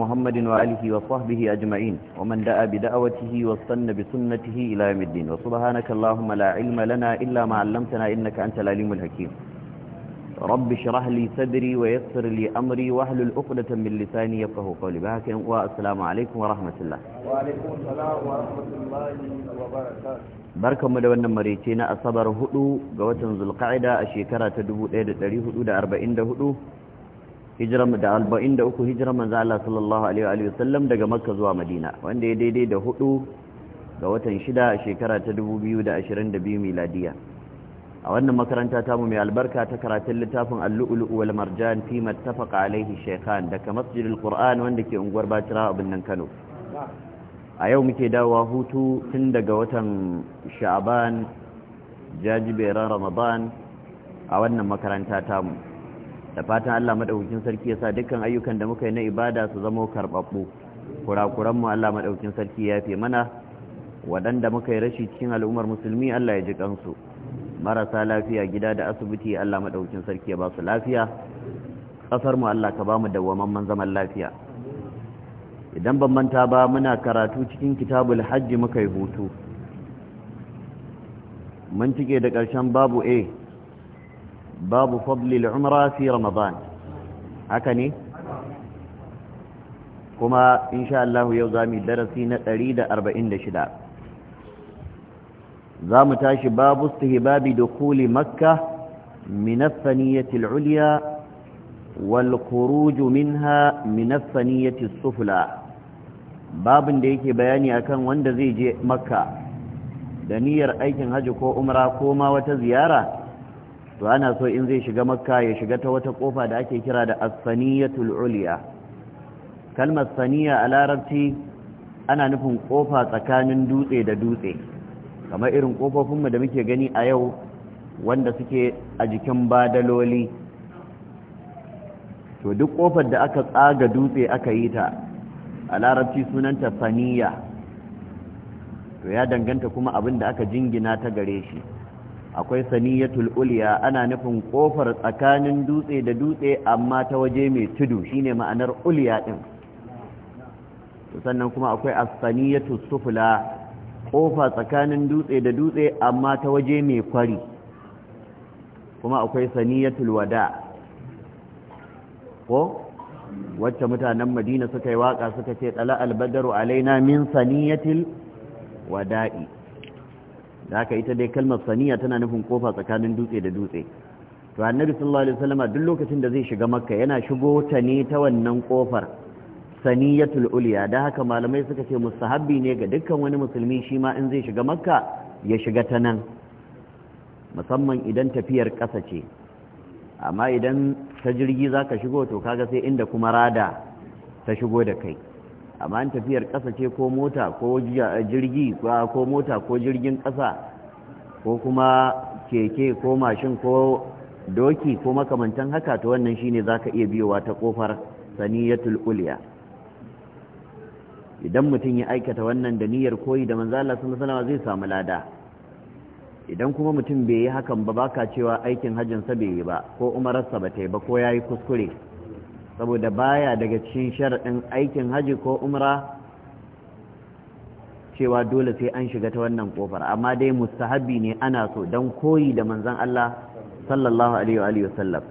محمد وآله وصحبه أجمعين ومن دعا بدعوته واستنى بسنته إلى يوم الدين وسبحانك اللهم لا علم لنا إلا ما علمتنا إنك أنت العليم الحكيم رب اشرح لي صدري ويسر لي أمري وأهل عقدة من لساني يفقه قولي بهك والسلام عليكم ورحمة الله وعليكم السلام ورحمة الله وبركاته barkan mu da wannan marece na asabar تدبو ga watan zulqa'ida a shekara ta 1444 hijiran da alba'in da uku hijiran manzo Allah sallallahu alaihi wa sallam daga makka zuwa madina wanda ya daidai da hudu ga watan shida a shekara ta 2022 miladiya a wannan makaranta tamu mai albarka ta karatun littafin al-lu'lu' wal marjan fi mattafaqa alaihi shaykhan daga masjidil qur'an wanda ke unguwar Bacira a binnan Kano a yau muke dawowa hutu tun daga watan sha'aban jajiberan ramadan a wannan makaranta tamu da fatan Allah madaukakin sarki ya sa dukkan ayyukan da muka yi na ibada su zama karɓaɓɓu kurakuran mu Allah madaukakin sarki ya fi mana wadanda muka yi rashi cikin al'ummar musulmi Allah ya ji kansu marasa lafiya gida da asibiti Allah madaukakin sarki ya ba su lafiya ƙasar mu Allah ka ba mu dawwamamman zaman lafiya idan ban manta ba muna karatu cikin kitabul hajji muka yi hutu mun cike da karshen babu a babu fadlil umra fi ramadan haka ne kuma insha Allah yau zamu darasi na 146 zamu tashi babu istihbabi dukuli makkah min ath-thaniyati al-ulya wal khuruj minha min ath-thaniyati as-sufla babin da yake bayani akan wanda zai je makka da niyyar aikin haji ko umra ko ma wata ziyara to ana so in zai shiga makka ya shiga ta wata kofa da ake kira da as-saniyatul ulya kalmar saniya a larabci ana nufin kofa tsakanin dutse da dutse kamar irin kofofinmu da muke gani a yau wanda suke a jikin badaloli to duk kofar da aka tsaga dutse aka yi ta a larabci sunanta saniya to ya danganta kuma abin da aka jingina ta gare shi akwai saniyatul ulya ana nufin kofar tsakanin dutse da dutse amma ta waje mai tudu shine ma'anar ulya din sannan kuma akwai as-saniyatu sufla kofa tsakanin dutse da dutse amma ta waje mai kwari kuma akwai saniyatul wada ko wacce mutanen madina suka yi waka suka ce tsala albadaru alaina min saniyatil wada'i da haka ita dai kalmar saniya tana nufin kofa tsakanin dutse da dutse to annabi sallallahu alaihi wasallam duk lokacin da zai shiga makka yana shigo ta ne ta wannan kofar saniyatul ulya da haka malamai suka ce mustahabbi ne ga dukkan wani musulmi shi ma in zai shiga makka ya shiga ta nan musamman idan tafiyar ƙasa ce amma idan ta jirgi zaka shigo to kaga sai inda kuma rada ta shigo da kai amma an tafiyar ƙasa ce ko mota ko eh, jirgi ah, ko mota ko jirgin ƙasa ko kuma keke ko mashin ko doki ko makamantan haka ta wannan shine ka iya biyowa ta kofar saniyatul ulya idan mutum ya aikata wannan da niyyar koyi da manzala sun sallallahu zai samu lada idan kuma mutum bai yi hakan ba baka cewa aikin hajjinsa bai yi ba ko umararsa ba ta yi ba ko ya yi kuskure saboda baya daga cikin sharaɗin aikin haji ko umra cewa dole sai an shiga ta wannan kofar amma dai mustahabi ne ana so don koyi da manzan Allah sallallahu alaihi wa sallam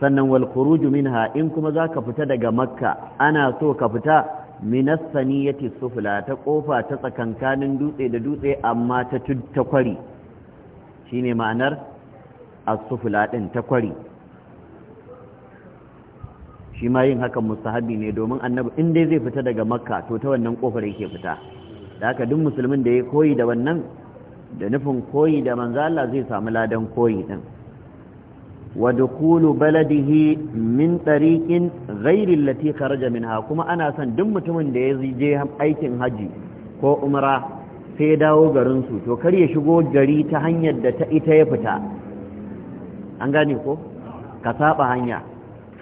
sannan wal min minha in kuma za ka fita daga makka ana so ka fita minas saniyati sufla ta kofa ta tsakankanin dutse da dutse amma ta ta kwari shine ma'anar a sufla ɗin ta kwari shi ma yin hakan mustahabi ne domin annabi in dai zai fita daga makka to ta wannan kofar yake fita da haka duk musulmin da ya koyi da wannan da nufin koyi da manzo Allah zai samu ladan koyi din wa dukulu baladihi min tariqin ghairi allati kharaja minha kuma ana son duk mutumin da ya je aikin haji ko umra sai ya dawo garin su to kar ya shigo gari ta hanyar da ta ita ya fita an gane ko ka saba hanya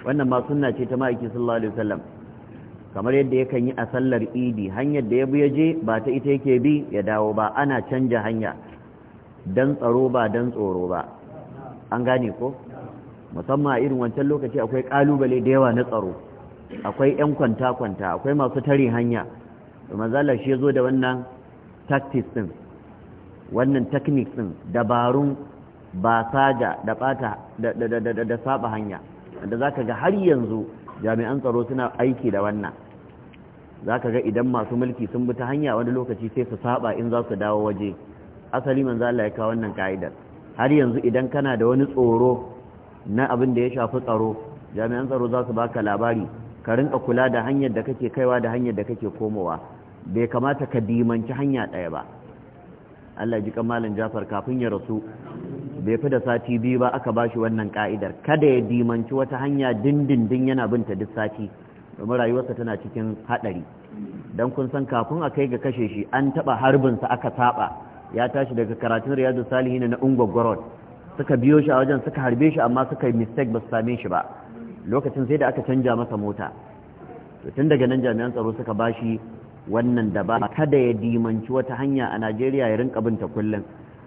wannan ma sunna ce ta ma'aiki sallallahu alaihi wasallam kamar yadda yakan yi a sallar idi hanyar da ya bi ya je ba ta ita yake bi ya dawo ba ana canja hanya dan tsaro ba dan tsoro ba an gane ko musamman a irin wancan lokaci akwai kalubale da yawa na tsaro akwai yan kwanta kwanta akwai masu tare hanya to manzala shi yazo da wannan tactics din wannan techniques din dabarun ba saja da bata da da da saba hanya wanda za ka ga har yanzu jami'an tsaro suna aiki da wannan za ka ga idan masu mulki sun bi ta hanya wani lokaci sai su saba in za su dawo waje asali manzo Allah ya kawo wannan ka'idar har yanzu idan kana da wani tsoro na abin da ya shafi tsaro jami'an tsaro za su baka labari ka rinka kula da hanyar da kake kaiwa da hanyar da kake komowa bai kamata ka dimanci hanya ɗaya ba Allah ji malam Jafar kafin ya rasu bai fi da sati biyu ba aka bashi wannan ka'idar kada ya dimanci wata hanya dindindin yana binta duk sati domin rayuwarsa tana cikin haɗari don kun san kafin a kai ga kashe shi an taɓa sa aka saba ya tashi daga karatun riyadu salihin na ungwagwarod suka biyo shi a wajen suka harbe shi amma suka yi mistake ba su same shi ba lokacin sai da aka canja masa mota to tun daga nan jami'an tsaro suka bashi wannan da kada ya dimanci wata hanya a najeriya ya rinka binta kullum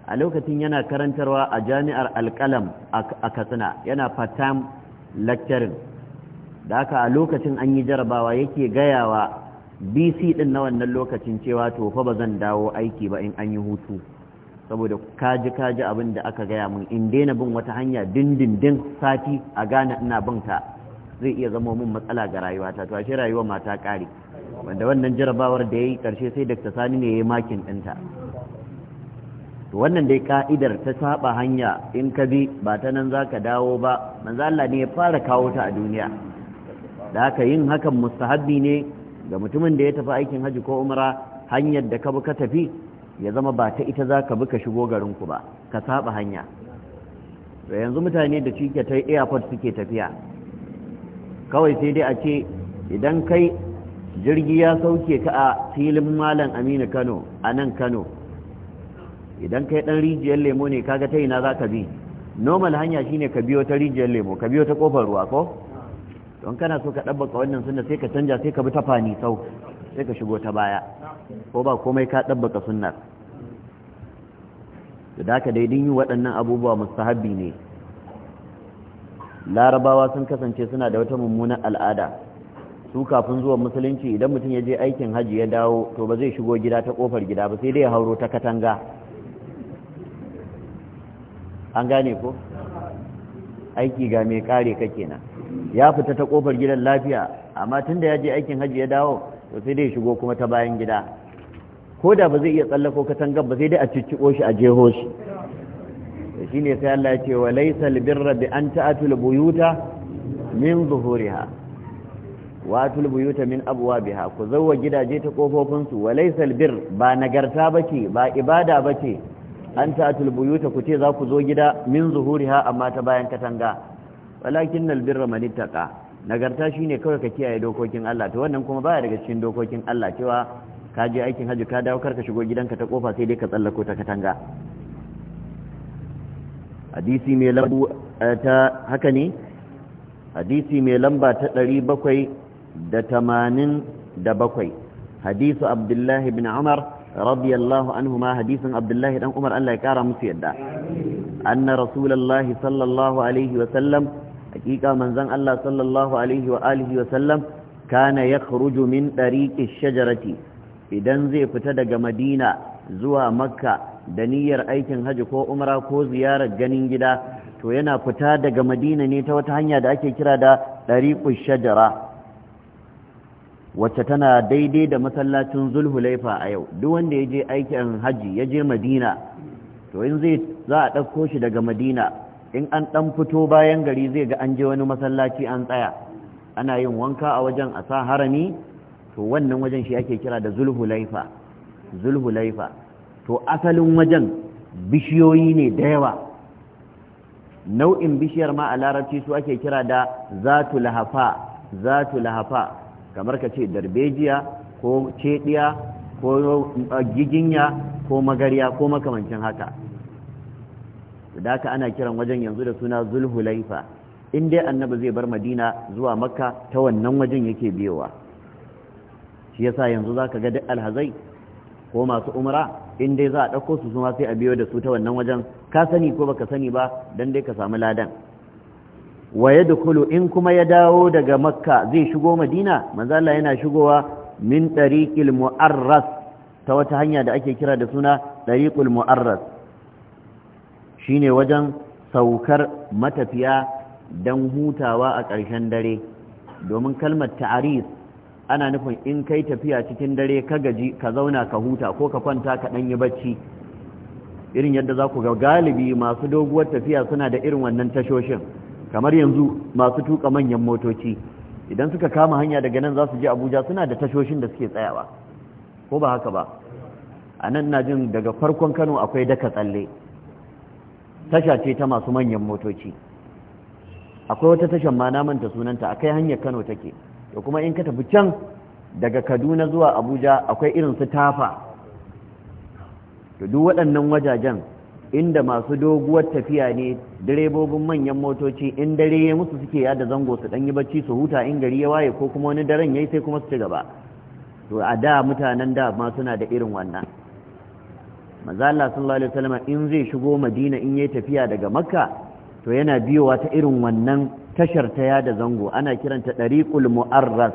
a lokacin yana karantarwa a jami'ar alkalam a katsina yana part-time lecturing da aka a lokacin an yi jarabawa yake gayawa bc din na wannan lokacin cewa to fa ba zan dawo aiki ba in an yi hutu saboda kaji kaji abin da aka gaya mun in daina bin wata hanya dindindin sati a gane ina bin ta zai iya zama min matsala ga rayuwata to ashe rayuwa mata kare wanda wannan jarabawar da yayi karshe sai Dr. Sani ne ya yi makin ɗinta. to wannan dai ka'idar ta saba hanya in ka bi ba ta nan za ka dawo ba manzo Allah ne ya fara kawo ta a duniya da haka yin hakan mustahabbi ne ga mutumin da ya tafi aikin haji ko umra hanyar da ka bi ka tafi ya zama ba ta ita za ka bi ka shigo garin ku ba ka saba hanya to yanzu mutane da cike ta airport suke tafiya kawai sai dai a ce idan kai jirgi ya sauke ka a filin malam aminu kano a nan kano idan kai dan rijiyar lemo ne kaga ta ina za ka bi normal hanya shine ka biyo ta rijiyar lemo ka biyo ta kofar ruwa ko don kana so ka dabbaka wannan sunna sai ka canja sai ka bi ta fani sau sai ka shigo ta baya ko ba komai ka dabbaka sunnar da haka din yi waɗannan abubuwa mustahabbi ne larabawa sun kasance suna da wata mummunan al'ada su kafin zuwa musulunci idan mutum ya je aikin hajji ya dawo to ba zai shigo gida ta kofar gida ba sai dai ya hauro ta katanga an gane ko aiki ga mai kare ka kenan ya fita ta kofar gidan lafiya amma tunda ya je aikin hajji ya dawo to sai dai shigo kuma ta bayan gida ko da ba zai iya tsallako katangar ba sai dai a cicciko shi a jeho shi shi ne sai Allah ya ce wa laisa albirra bi an ta'atul buyuta min zuhuriha wa atul buyuta min abwabiha ku zawwa gidaje ta kofofin su wa laisa albir ba nagarta bace ba ibada bace an ta'atul buyuta ku ce za ku zo gida min ha amma ta bayan katanga walakin nal birra man ittaqa nagarta shine kawai ka kiyaye dokokin Allah ta wannan kuma baya daga cikin dokokin Allah cewa ka je aikin hajji ka dawo karka shigo gidanka ta kofa sai dai ka tsallako ta katanga hadisi mai lambu eh, ta haka ne hadisi mai lamba ta bakwai hadisu abdullahi bin umar radiyallahu anhuma hadisin abdullahi dan umar Allah ya kara musu yadda anna rasulullahi sallallahu alaihi wa sallam hakika manzon Allah sallallahu alaihi wa sallam kana yakhruju min shajarati idan zai fita daga Madina zuwa Makka da niyyar aikin hajji ko umra ko ziyarar ganin gida to yana fita daga Madina ne ta wata hanya da ake kira da dariqu shajara wacce tana daidai da masallacin zulhulaifa a yau duk wanda ya je aikin hajji ya je madina to in zai za a ɗauko shi daga madina in an ɗan fito bayan gari zai ga an je wani masallaci an tsaya ana yin wanka a wajen a sa harami to wannan wajen shi ake kira da zulhulaifa zulhulaifa to asalin wajen bishiyoyi ne da yawa nau'in bishiyar ma a larabci su ake kira da zatu lahafa zatu lahafa kamar ka ce darbejiya ko cediya ko uh, giginya ko magariya ko makamancin haka da haka ana kiran wajen yanzu da suna zulhulaifa in dai annabi zai bar madina zuwa makka ta wannan wajen yake biyowa shi yasa yanzu za ka ga alhazai ko masu umra in dai za a ɗauko su suma sai a biyo da su ta wannan wajen ka sani ko baka sani ba don dai ka samu ladan wa yadkhulu in kuma ya dawo daga makka zai shigo madina manzo yana shigowa min tariqil mu'arras ta wata hanya da ake kira da suna tariqul mu'arras shine wajen saukar matafiya dan hutawa a ƙarshen dare domin kalmar ta'aris ana nufin in kai tafiya cikin dare ka gaji ka zauna ka huta ko ka kwanta ka ɗan yi bacci irin yadda za ku ga galibi masu doguwar tafiya suna da irin wannan tashoshin kamar yanzu masu tuka manyan motoci idan suka kama hanya daga nan za su je abuja suna da tashoshin da suke tsayawa ko ba haka ba a nan na jin daga farkon kano akwai daka tsalle tasha ce ta masu manyan motoci akwai wata tashan ma na manta sunanta akai hanyar kano take da kuma in ka tafi can daga kaduna zuwa abuja akwai irin su tafa da duk waɗannan wajajen inda masu doguwar tafiya ne direbobin manyan motoci in dare ya musu suke yada zango su ɗanyi bacci su huta in gari ya waye ko kuma wani daren yayi sai kuma su ci gaba to a da mutanen da ma suna da irin wannan Mazala Allah sallallahu alaihi wasallam in zai shigo Madina in yayi tafiya daga Makka to yana biyowa ta irin wannan tashar ta yada zango ana kiranta dariqul mu'arras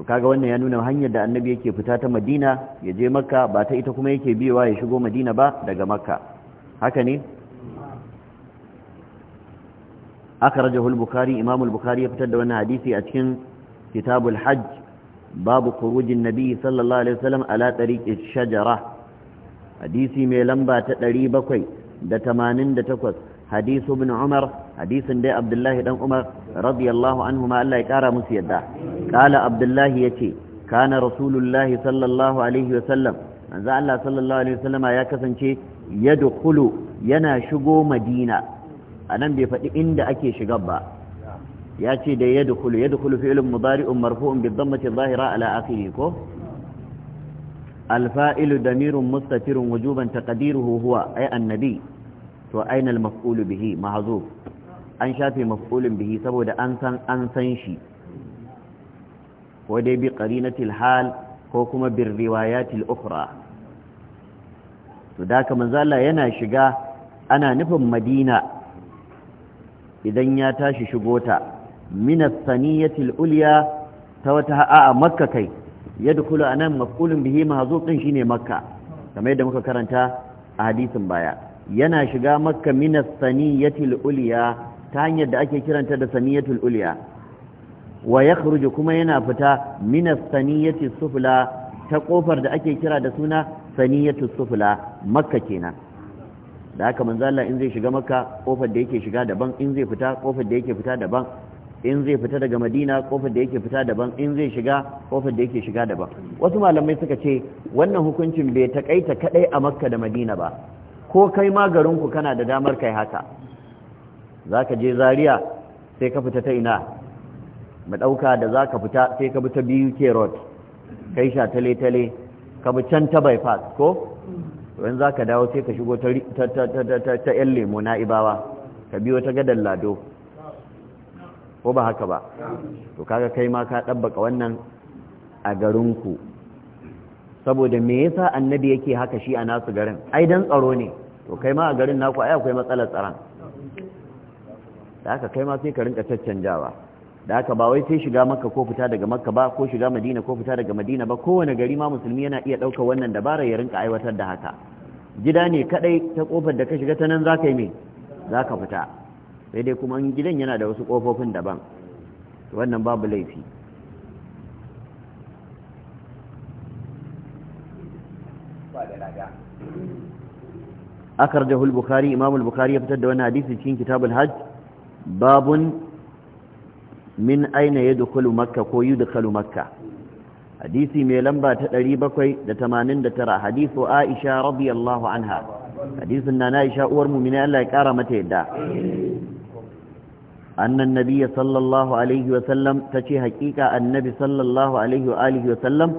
to kaga wannan ya nuna hanyar da annabi yake fita ta madina ya je makka ba ta ita kuma yake biyewa ya shigo madina ba daga makka haka ne akhrajahu al-bukhari imam al-bukhari ya fitar da wannan hadisi a cikin kitabul hajj babu khurujin nabi sallallahu alaihi wasallam ala tariqi shajara hadisi mai lamba ta 788 hadisu ibn umar hadisin dai abdullahi dan umar radiyallahu anhu ma Allah ya kara musu yadda kala abdullahi ya ce kana rasulullahi sallallahu alaihi wasallam manzo Allah sallallahu alaihi wasallama ya kasance yadkhulu yana shigo madina anan bai faɗi inda ake shiga ba ya ce da yadkhulu yadkhulu fi'lun mudari'un marfu'un bi dhammati dhahira ala akhiri ko alfa'ilu damirun mustatirun wujuban taqdiruhu huwa ay annabi to aina al-maf'ulu bihi mahzuf an shafe maf'ulun bihi saboda an an san shi ko dai bi qarinatil hal ko kuma birrewa riwayatil ukhra to da haka manzo Allah yana shiga ana nufin Madina idan ya tashi shigo ta min as-saniyatil ulya ta wata a makka kai yadkhulu anan maf'ulun bihi mahzufin shine makka kamar yadda muka karanta a hadisin baya yana shiga makka min as-saniyatil ulya ta hanyar da ake kiranta da saniyatul ulya wa yakhruju kuma yana fita min as-saniyati sufla ta kofar da ake kira da suna saniyatu sufla makka kenan da haka manzo Allah in zai shiga makka kofar da yake shiga daban in zai fita kofar da yake fita daban in zai fita daga madina kofar da yake fita daban in zai shiga kofar da yake shiga daban wasu malamai suka ce wannan hukuncin bai takaita kadai a makka da madina ba ko kai ma garinku kana da damar kai haka za ka je zaria sai ka fita ta ina mu ɗauka da za ka fita sai ka bi ta biyu ke road ka yi sha tale-tale ka bi can ta bypass ko wani za ka dawo sai ka shigo ta yan lemo na ibawa ka biyo ta gadon lado ko ba haka ba to kaga kai ma ka ɗabbaka wannan a garinku saboda me yasa annabi yake haka shi a nasu garin ai dan tsaro ne to kai ma a garin naku ai akwai matsalar tsaron da haka kai ma sai ka rinka caccanjawa da aka ba wai sai shiga makka ko fita daga makka ba ko shiga madina ko fita daga madina ba kowane gari ma musulmi yana iya ɗauka wannan dabara ya rinka aiwatar da haka gida ne kaɗai ta ƙofar da ka shiga ta nan za ka yi me za ka fita sai dai kuma gidan yana da wasu ƙofofin daban wannan babu laifi imamul bukari ya fitar da wani hadisi cikin kitabul hajj babun. min aina ya dukulu makka ko yi dukulu makka hadisi mai lamba ta 789 hadisu aisha radiyallahu anha hadisin na na isha uwar mumina Allah ya kara mata yadda annan nabiya sallallahu alaihi wasallam ta ce hakika annabi sallallahu alaihi wa alihi wasallam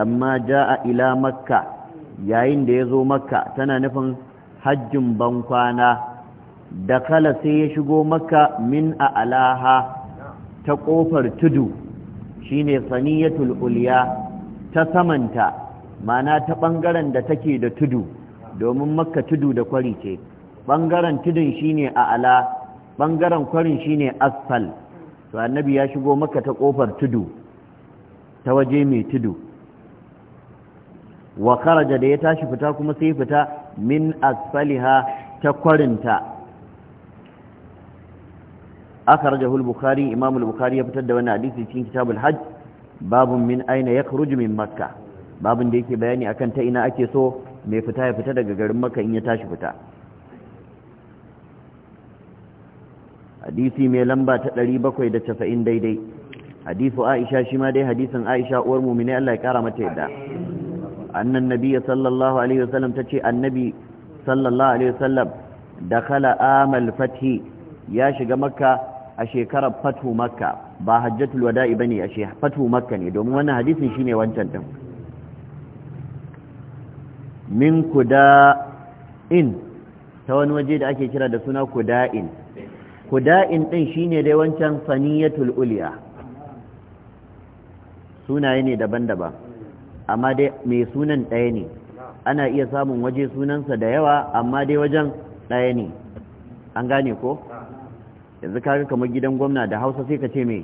lamma ja'a ila makka yayin da ya zo makka tana nufin hajjin bankwana da kala sai ya shigo makka min a alaha ta ƙofar tudu shine saniyatul ulya ta samanta ma'ana ta ɓangaren da take da tudu domin makka tudu da kwari ce ɓangaren tudun shine ala ɓangaren kwarin shine asfal to annabi ya shigo maka ta ƙofar tudu ta waje mai tudu wa kharaja da ya tashi fita kuma sai fita min asfaliha ta kwarinta akhrajahu al-bukhari imam al-bukhari ya fitar da wannan hadisi cikin kitabul hajj babun min aina yakhruju min makka babun da yake bayani akan ta ina ake so mai fita ya fita daga garin makka in ya tashi fita hadisi mai lamba ta 790 daidai hadisu aisha shi ma dai hadisin aisha uwar mu'mini Allah ya kara mata yadda annan nabiyyi sallallahu alaihi wasallam tace annabi sallallahu alaihi wasallam dakhala amal fathi ya shiga makka a shekarar fatu makka ba hajjatul wada'i bane a shekarar fatu makka ne domin wannan hadisin shine wancan din min kuda'in ta wani waje da ake kira da suna kuda'in kuda'in din shine dai wancan saniyatul uliya sunaye ne daban-daban amma dai mai sunan ɗaya ne ana iya samun waje sunansa da yawa amma dai wajen ɗaya ne an gane ko yanzu kaga kamar gidan gwamna da hausa sai ka ce mai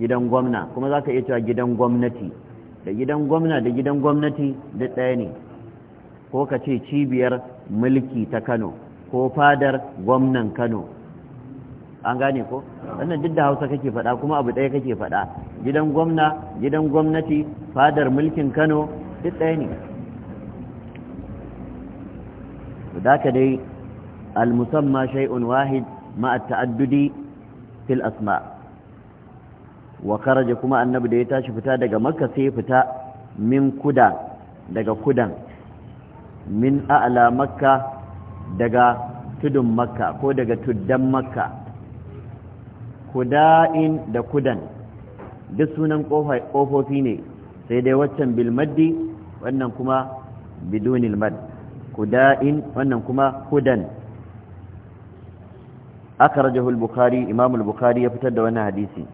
gidan gwamna kuma za ka iya cewa gidan gwamnati da gidan gwamna da gidan gwamnati da ɗaya ne ko ka ce cibiyar mulki ta kano ko fadar gwamnan kano an gane ko wannan duk da hausa kake faɗa kuma abu ɗaya kake faɗa gidan gwamna gidan gwamnati fadar mulkin kano duk ɗaya ne da ka dai al-musamma shay'un wahid مع التعدد في الأسماء وخرج كما النبي da ya tashi fita daga makka sai fita min kuda daga kudan min a'la makka daga tudun makka ko daga tuddan makka kuda'in da kudan duk sunan kofofi ne sai dai waccan bilmaddi wannan kuma bidunil mad wannan kuma kudan أخرجه البخاري إمام البخاري يفتد وانا hadisi.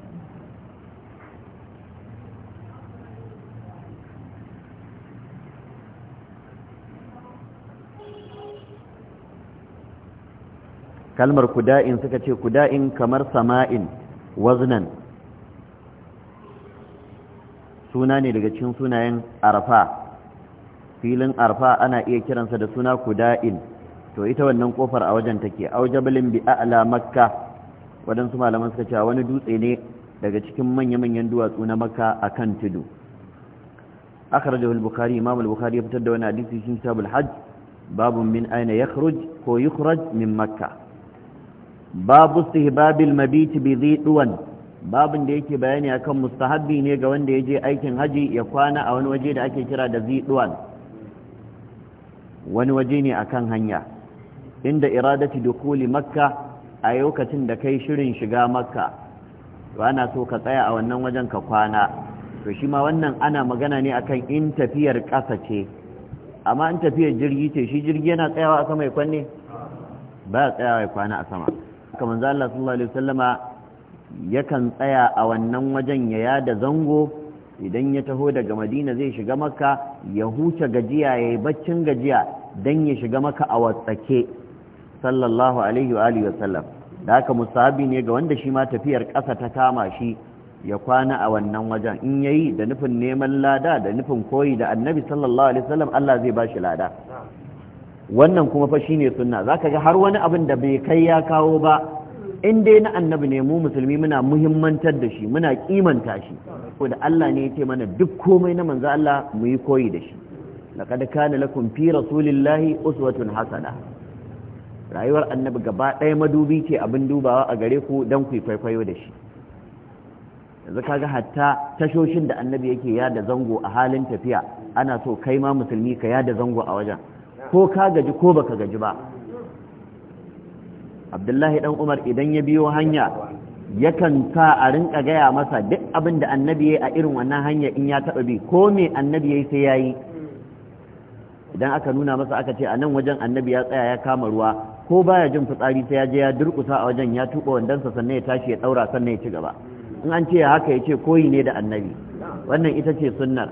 kalmar kuda'in suka ce kuda'in kamar sama'in waznan suna ne daga cikin sunayen arfa filin arfa ana iya kiransa da suna kuda'in to ita wannan kofar a wajen take aujabalin bi a'la makka su malaman suka cewa wani dutse ne daga cikin manya-manyan duwatsu na makka akan tudu akhrajahu al-bukhari imam al-bukhari ya fitar da wani hadisi cikin al hajj babun min aina yakhruj ko yukhraj min makka babu istihbabil mabit bi dhidwan babin da yake bayani akan mustahabbi ne ga wanda ya je aikin haji ya kwana a wani waje da ake kira da zidwan wani waje ne akan hanya inda iradati dukuli makka a lokacin da kai shirin shiga makka ana so ka tsaya a wannan wajen ka kwana to shi ma wannan ana magana ne akan in tafiyar ƙasa ce amma in tafiyar jirgi ce shi jirgi yana tsayawa a sama ya kwanne ba ya tsayawa ya kwana a sama haka manzo Allah sallallahu alaihi wasallama yakan tsaya a wannan wajen ya yada zango idan ya taho daga Madina zai shiga Makka ya huce gajiya yi baccin gajiya dan ya shiga maka a watsake sallallahu alaihi wa alihi wasallam da haka musahabi ne ga wanda shi ma tafiyar ƙasa ta kama shi ya kwana a wannan wajen in yayi da nufin neman lada da nufin koyi da annabi sallallahu alaihi wasallam Allah zai ba shi lada wannan kuma fa shine sunna zaka ga har wani abin da bai kai ya kawo ba in dai na annabi ne mu musulmi muna muhimmantar da shi muna kimanta shi ko da Allah ne ya ce mana duk komai na manzo Allah mu yi koyi da shi laqad kana lakum fi rasulillahi uswatun hasana rayuwar annabi gaba ɗaya madubi ce abin dubawa a gare ku don ku kwaikwayo da shi yanzu kaga hatta tashoshin da annabi yake yada zango a halin tafiya ana so kai ma musulmi ka yada zango a wajen ko ka gaji ko baka gaji ba abdullahi dan umar idan ya biyo hanya yakan sa a rinka gaya masa duk abin da annabi ya a irin wannan hanya in ya taɓa bi ko me annabi ya yi sai ya yi idan aka nuna masa aka ce a nan wajen annabi ya tsaya ya kama ruwa ko baya jin fitsari sai ya je ya durkusa a wajen ya tuba wandansa sannan ya tashi ya daura sannan ya ci gaba in an ce haka ya ce koyi ne da annabi wannan ita ce sunnar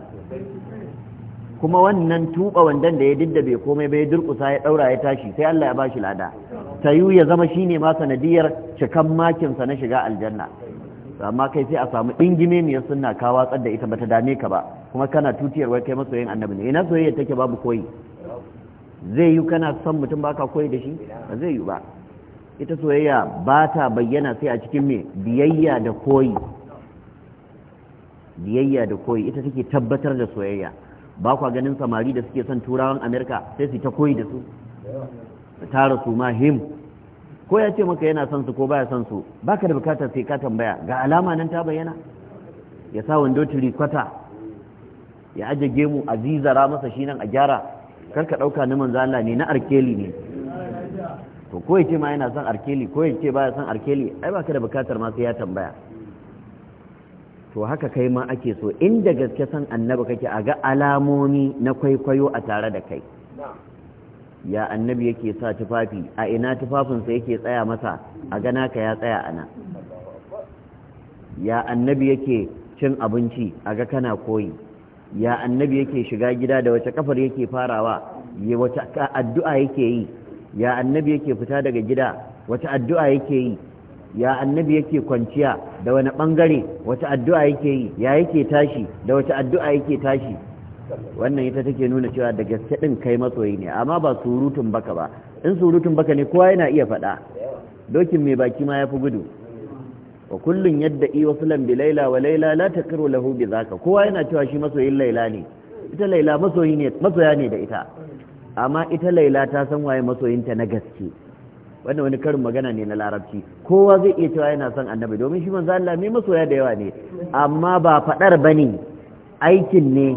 kuma wannan tuba wandan da ya didda diddabe komai bai durkusa ya daura ya tashi sai Allah ya bashi lada tayu ya zama shine ma sanadiyar cikan makin sa na shiga aljanna amma kai sai a samu dingime mai sunna ka watsar da ita bata dame ka ba kuma kana tutiyar wai kai masoyin annabi ne ina soyayya take babu koyi zai yi kana son mutum ba ka koyi da shi ba zai yi ba ita soyayya ba ta bayyana sai a cikin mai biyayya da koyi biyayya da koyi ita take tabbatar da soyayya ba kwa ganin samari da suke son turawan amerika sai su ta koyi da su tara su ma him ko ya ce maka yana son su ko baya son su baka da bukatar sai ka tambaya ga alama nan ta bayyana ya sa wando turi kwata ya aje gemu a zizara masa shi nan a gyara kar ka ɗauka ni manzo Allah ne na arkeli ne to ko yace ma yana son arkeli ko yace baya son arkeli ai baka da bukatar ma sai ya tambaya to haka kai ma ake so inda gaske san annabi kake a ga alamomi na kwaikwayo a tare da kai ya annabi yake sa tufafi a ina tufafinsa yake tsaya masa a gana ka ya tsaya ana ya annabi yake cin abinci a ga kana koyi ya annabi yake shiga gida da wace kafar yake farawa ya wace addu'a yake yi ya annabi yake fita daga gida wace addu'a yake yi ya annabi yake kwanciya da wani bangare wace addu'a yake yi ya yake tashi da wace addu'a yake tashi wannan ita take nuna cewa da gaske din kai matsoyi ne amma ba surutun baka ba in surutun baka ne kowa yana iya faɗa dokin mai baki ma ya fi gudu fa kullun yadda i wasu bi laila wa laila la taqiru lahu bi zaka kowa yana cewa shi masoyin laila ne ita laila masoyi ne masoya ne da ita amma ita laila ta san waye masoyinta na gaske wanda wani karin magana ne na larabci kowa zai iya cewa yana son annabi domin shi manzo Allah mai masoya da yawa ne amma ba fadar bane aikin ne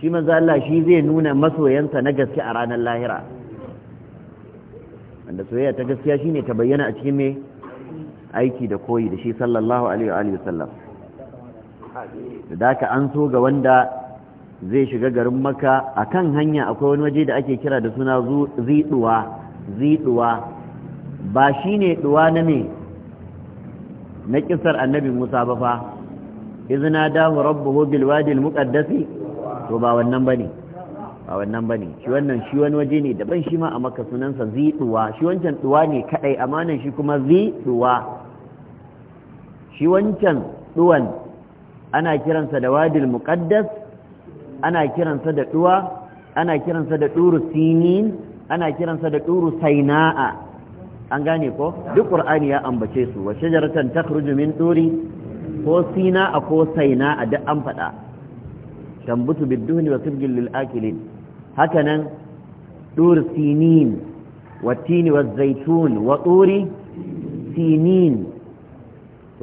shi manzo Allah shi zai nuna masoyansa na gaske a ranar lahira wanda soyayya ta gaskiya shine ta bayyana a cikin me aiki da koyi da shi sallallahu alaihi wa sallam da daka an so ga wanda zai shiga garin maka a kan hanya akwai wani waje da ake kira da suna ziduwa ziduwa ba shi ne duwa na ne na kisar annabi musa ba fa izina damu rabbuhu bil wadi al muqaddasi to ba wannan bane ba wannan bane shi wannan shi wani waje ne daban shi ma a maka sunansa ziduwa shi wancan duwa ne kadai amanan shi kuma ziduwa shi wancan duwan ana kiransa da wadil muqaddas ana kiransa da duwa ana kiransa da duru sinin ana kiransa da duru saina'a an gane ko duk qur'ani ya ambace su wa shajaratan takhruju min duri ko sina'a ko saina'a duk an faɗa tambutu bidduhni wa sirjin lil akilin hakanan nan dur sinin wa tini wa zaitun wa turi sinin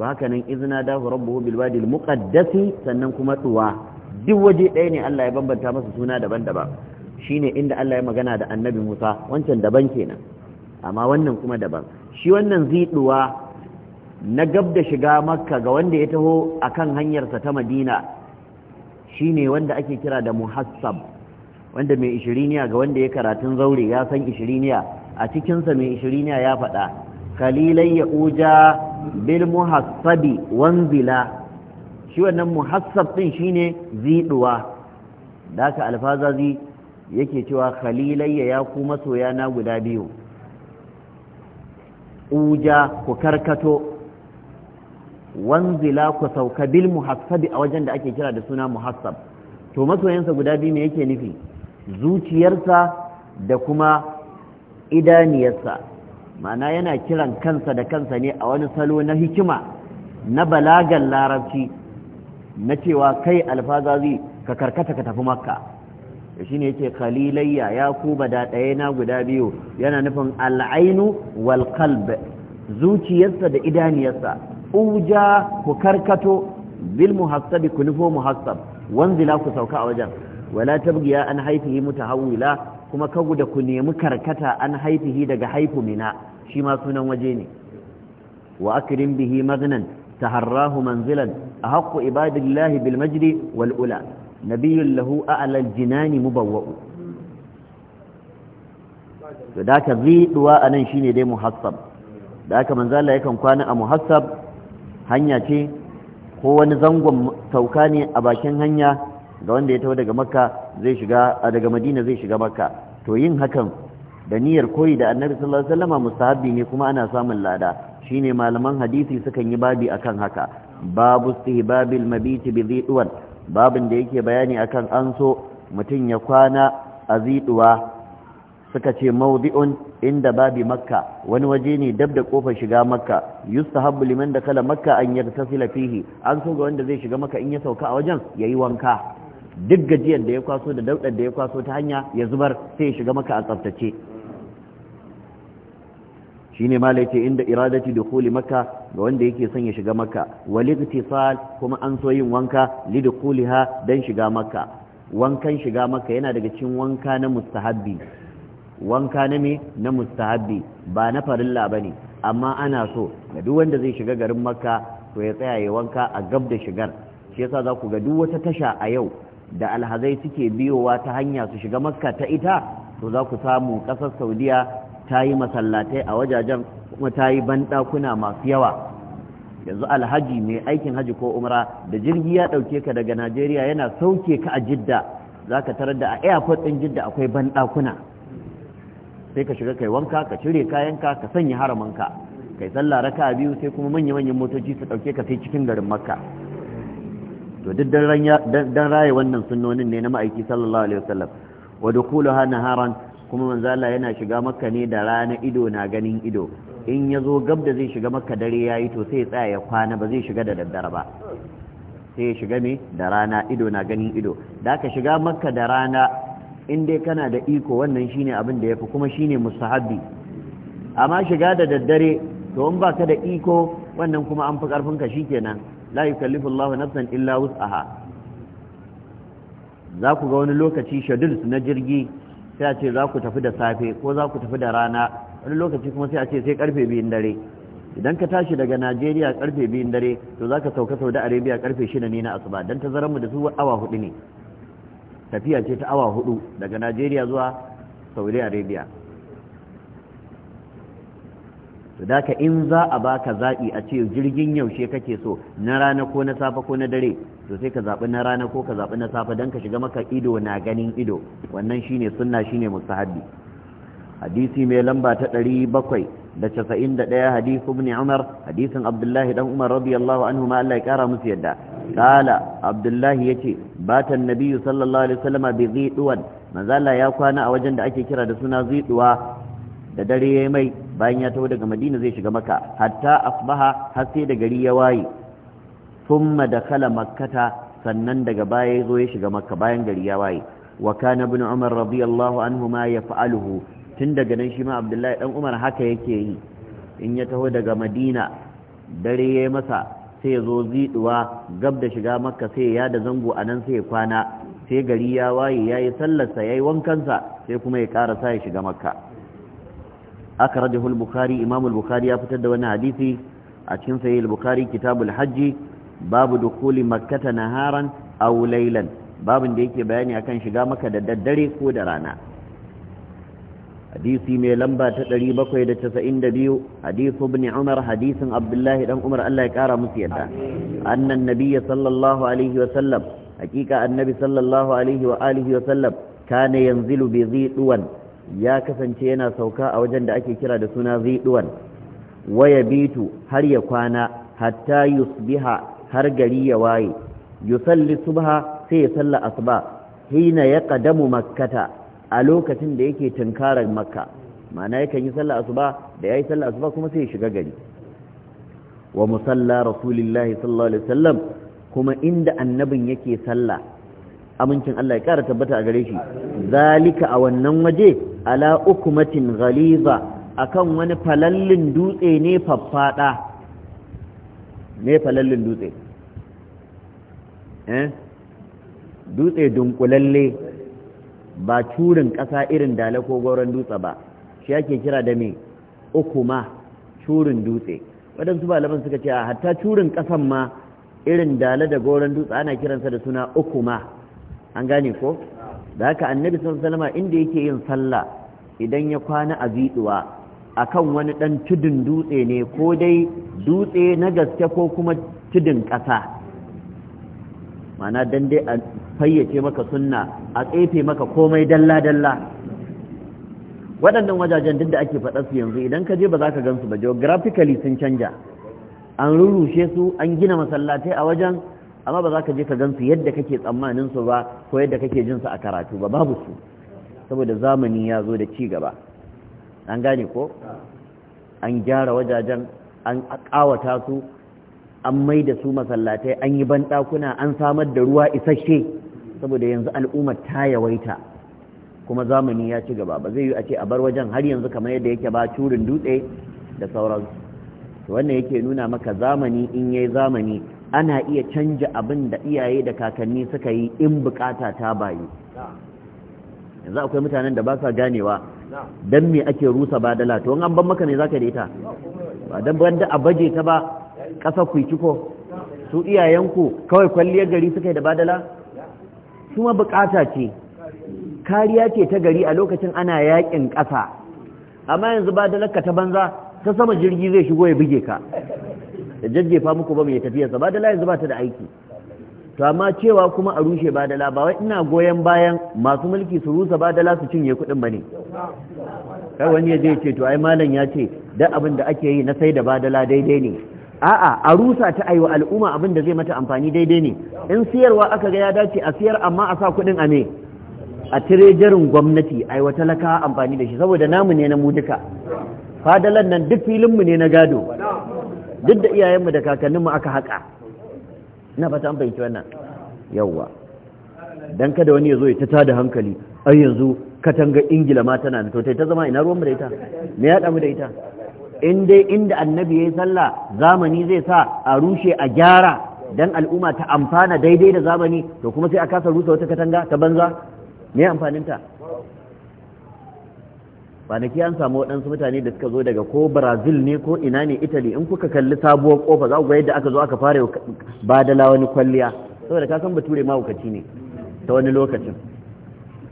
to hakanan nan izina dahu rabbuhu bil wadi al muqaddasi sannan kuma tuwa duk waje ɗaya ne Allah ya bambanta masa suna daban-daban shine inda Allah ya magana da annabi Musa wancan daban kenan amma wannan kuma daban shi wannan ziduwa na gab da shiga makka ga wanda ya taho akan hanyarsa ta madina shine wanda ake kira da muhassab wanda mai ishiriniya ga wanda ya karatun zaure ya san ishiriniya a cikinsa mai ishiriniya ya faɗa kalilai ya uja bil muhassabi wanzila shi wannan muhassab ɗin shine ziduwa da haka alfazazi yake cewa khalilayya ya ku masoya na guda biyu uja ku karkato wanzila ku sauka bil muhassabi a wajen da ake kira da suna muhassab to masoyansa guda biyu me yake nufi zuciyarsa da kuma idaniyarsa ma'ana yana kiran kansa da kansa ne a wani salo na hikima na balagan larabci na cewa kai alfazazi ka karkata ka tafi makka shi ne yake khalilayya ya ku bada ɗaya na guda biyu yana nufin al'ainu wal qalb zuciyarsa da idaniyarsa uja ku karkato bil muhassabi ku nufo muhassab wanzila ku sauka a wajen wala tabgiya an haifihi mutahawwila kuma kagu da ku nemi karkata an haifihi daga haifu mina shi ma sunan waje ne wa akrim bihi magnan taharrahu manzilan ahqqu ibadillahi bil majdi wal ula nabiyyun lahu a'la al jinani mubawwa'u to da ka ziduwa anan shine dai muhassab da haka manzo Allah yakan kwana a muhassab hanya ce ko wani zangon sauka ne a bakin hanya ga wanda ya taho daga makka zai shiga daga madina zai shiga makka to yin hakan da niyyar koyi da annabi sallallahu alaihi wasallama mustahabbi ne kuma ana samun lada shine malaman hadisi sukan yi babi akan haka babu istihbabil mabit bi dhidwan babin da yake bayani akan an so mutum ya kwana a ziduwa suka ce mawdi'un inda babi makka wani waje ne dab da kofar shiga makka yustahabbu liman dakala makka an yatasila fihi an so ga wanda zai shiga makka in ya sauka a wajen yayi wanka duk gajiyar da ya kwaso da daudar da ya kwaso ta hanya ya zubar sai ya shiga maka a tsaftace shine ma laice inda iradati kuli maka ga wanda yake son ya shiga maka wal igtisal kuma an so yin wanka li ha don shiga maka wankan shiga maka yana daga cikin wanka na mustahabbi wanka na me na mustahabbi ba na farilla ne amma ana so ga duk wanda zai shiga garin maka to ya tsaya ya wanka a gab da shigar shi yasa za ku ga duk wata tasha a yau da alhazai suke biyowa ta hanya su shiga makka ta ita to za ku samu ƙasar saudiya ta yi masallatai a wajajen kuma ta yi banɗakuna masu yawa yanzu alhaji mai aikin haji ko umra da jirgi ya ɗauke ka daga najeriya yana sauke ka a jidda za ka tarar da a airport ɗin jidda akwai banɗakuna sai ka shiga kai wanka ka cire kayanka ka sanya haramanka kai sallah raka biyu sai kuma manya-manyan motoci su ɗauke ka sai cikin garin makka to duk dan raye wannan sunnonin ne na ma'aiki sallallahu alaihi wasallam wa dukhulaha naharan kuma manzo Allah yana shiga makka ne da rana ido na ganin ido in yazo gab da zai shiga makka dare yayi to sai ya tsaya ya kwana ba zai shiga da daddare ba sai ya shiga ne da rana ido na ganin ido da ka shiga makka da rana in dai kana da iko wannan shine abin da yafi kuma shine mustahabbi amma shiga da daddare to in baka da iko wannan kuma an fi karfin ka shikenan la yukallifu Allahu nafsan illa wus'aha za ku ga wani lokaci schedules na jirgi sai a ce za ku tafi da safe ko za ku tafi da rana wani lokaci kuma sai a ce sai karfe biyun dare idan ka tashi daga Najeriya karfe biyun dare to za ka sauka Saudi Arabia karfe shida ne na asuba don mu da su awa hudu ne tafiya ce ta awa hudu daga Najeriya zuwa Saudi Arabia to da ka in za a baka zaɓi a ce jirgin yaushe kake so na rana ko na safe ko na dare to sai ka zaɓi na rana ko ka zaɓi na safe don ka shiga maka ido na ganin ido wannan shine sunna shine mustahabbi hadisi mai lamba ta ɗari bakwai da casa'in ibn umar hadisin abdullahi dan umar radiyallahu anhu ma Allah ya kara musu yadda kala abdullahi yace batan nabiyyu sallallahu alaihi wasallam bi ziduwan manzala ya kwana a wajen da ake kira da suna ziduwa da dare mai bayan ya taho daga madina zai shiga maka hatta asbaha har sai da gari ya waye thumma dakhala makkata sannan daga baya ya zo ya shiga makka bayan gari ya waye wa kana ibn umar radiyallahu anhu ma yaf'aluhu tun daga nan shi ma abdullahi dan umar haka yake yi in ya taho daga madina dare ya masa sai ya zo ziduwa gab da shiga makka sai ya da zango a nan sai ya kwana sai gari ya waye yayi yi sallarsa yayi yi wankansa sai kuma ya sa ya shiga makka akradahu al-bukhari imam al ya fitar da wannan hadisi a cikin sahih al-bukhari kitabul hajji babu dukuli makkata naharan aw laylan babu da yake bayani akan shiga maka da daddare ko da rana hadisi mai lamba ta 792 hadisi ibn umar hadisin abdullahi dan umar Allah ya kara musu yadda annan nabiyyi sallallahu alaihi wa sallam hakika annabi sallallahu alaihi wa kana yanzilu bi dhi'wan ya kasance yana sauka a wajen da ake kira da suna ziduwan waya bitu har ya kwana hatta yusbiha har gari ya waye yusalli subha sai ya salla asuba hina ya kadamu makkata a lokacin da yake tunkarar makka ma'ana yakan yi sallah asuba da yayi sallah asuba kuma sai ya shiga gari wa musalla rasulillahi sallallahu alaihi wasallam kuma inda annabin yake sallah amincin Allah ya kara tabbata a gare shi zalika a wannan waje ala ukumatin ghaliza akan wani falallin dutse ne faffada ne falallin dutse eh dutse dunkulalle ba curin ƙasa irin dala ko goron dutse ba shi ake kira da me ukuma curin dutse waɗansu malaman suka ce a hatta curin ƙasan ma irin dala da goron dutse ana kiransa da suna ukuma an gane ko da haka annabi sallallahu alaihi inda yake yin sallah idan ya kwana a biduwa akan wani ɗan tudun dutse ne ko dai dutse na gaske ko kuma tudun ƙasa mana dan dai a fayyace maka sunna a tsefe maka komai dalla dalla waɗannan wajajen duk da ake faɗa su yanzu idan ka je ba za ka gansu ba geographically sun canja an rurrushe su an gina masallatai a wajen amma ba za ka je ka gansu yadda kake tsammanin su ba ko yadda kake jin su a karatu ba babu su saboda zamani ya zo da ci gaba an gane ko an gyara wajajen an ƙawata su an mai da su masallatai an yi banɗakuna an samar da ruwa isasshe saboda yanzu al'ummar ta yawaita kuma zamani ya ci gaba ba zai yi a ce a bar wajen har yanzu kamar yadda yake ba curin dutse da sauransu wannan yake nuna maka zamani in yayi zamani ana iya canja abin da iyaye da kakanni suka yi in bukata ta bayi yanzu akwai mutanen da ba sa ganewa don me ake rusa badala to an ban maka ne za ka da ita ba don ban a baje ta ba ƙasa ku ciko su iyayenku kawai kwalliyar gari suka yi da badala su bukata ce kariya ce ta gari a lokacin ana yakin ƙasa amma yanzu badalar ka ta banza ta sama jirgi zai shigo ya buge ka da jajjefa muku ba mai tafiyarsa badala yanzu ba ta da aiki to amma cewa kuma a rushe badala ba wai ina goyon bayan masu mulki su rusa ba da la su cinye kuɗin ba ne kai wani ya je ce to ai malam ya ce duk abin da ake yi na sai da badala daidai ne a'a a rusa ta aiwa al'umma abin da zai mata amfani daidai ne in siyarwa aka ga ya dace a siyar amma a sa kuɗin a me a tirejerin gwamnati ai wa talaka amfani da shi saboda namu ne na mu duka fadalan nan duk filinmu ne na gado duk da iyayenmu da kakanninmu aka haƙa na fata an fahimci wannan yawwa Don kada wani ya zo ya ta tada hankali a yanzu katanga ingila ma tana da tautai ta zama ina ruwanmu da ita me ya damu da ita in inda annabi ya yi sallah zamani zai sa a rushe a gyara don al'umma ta amfana daidai da zamani to kuma sai a kasa rusa wata katanga ta banza me amfaninta kwanaki an samu waɗansu mutane da suka zo daga ko brazil ne ko ina ne italy in kuka kalli sabuwar kofa za ku ga yadda aka zo aka fara ba da lawani kwalliya saboda kasan bature mahaukaci ne ta wani lokacin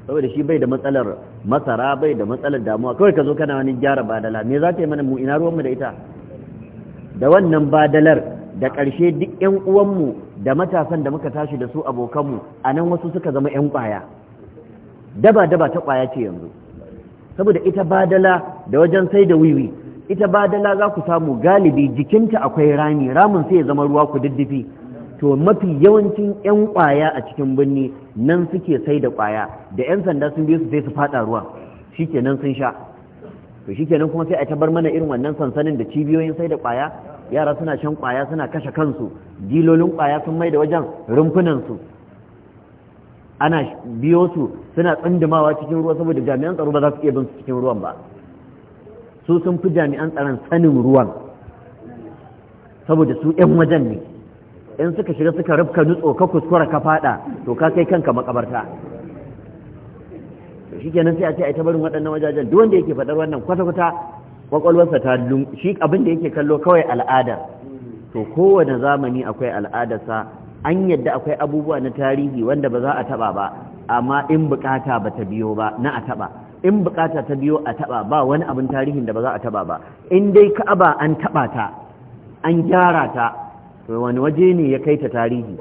saboda shi bai da matsalar masara bai da matsalar damuwa kawai ka zo kana wani gyara badala me za ta yi mana mu ina ruwanmu da ita da wannan badalar da ƙarshe duk 'yan uwanmu da matasan da muka tashi da su abokanmu a nan wasu suka zama 'yan ƙwaya daba daba ta ƙwaya ce yanzu saboda ita badala da wajen sai da wiwi ita badala za ku samu galibi jikinta akwai rami ramin sai ya zama ruwa ku diddifi to mafi yawancin 'yan kwaya a cikin birni nan suke sai da kwaya da 'yan sanda sun biyu su sai su fada ruwa shikenan sun sha to shikenan kuma sai a tabar mana irin wannan sansanin da cibiyoyin sai da kwaya yara suna shan kwaya suna kashe kansu dilolin kwaya sun mai da wajen rumfunan su ana biyo su suna tsandumawa cikin ruwa saboda jami'an tsaro ba za su iya bin su cikin ruwan ba su sun fi jami'an tsaron sanin ruwan saboda su 'yan wajen ne in suka shiga suka rufka nutso ka kuskura ka fada to ka kai kanka makabarta to shi kenan sai a ce a ta barin waɗannan wajajen duk wanda yake faɗar wannan kwata-kwata kwakwalwarsa ta shi abin da yake kallo kawai al'ada to kowane zamani akwai al'adarsa an yadda akwai abubuwa na tarihi wanda ba za a taba ba amma in bukata ba ta biyo ba na a taba in bukata ta biyo a taba ba wani abin tarihin da ba za a taba ba in dai ka'aba an taba ta an gyara ta to wani waje ne ya kai ta tarihi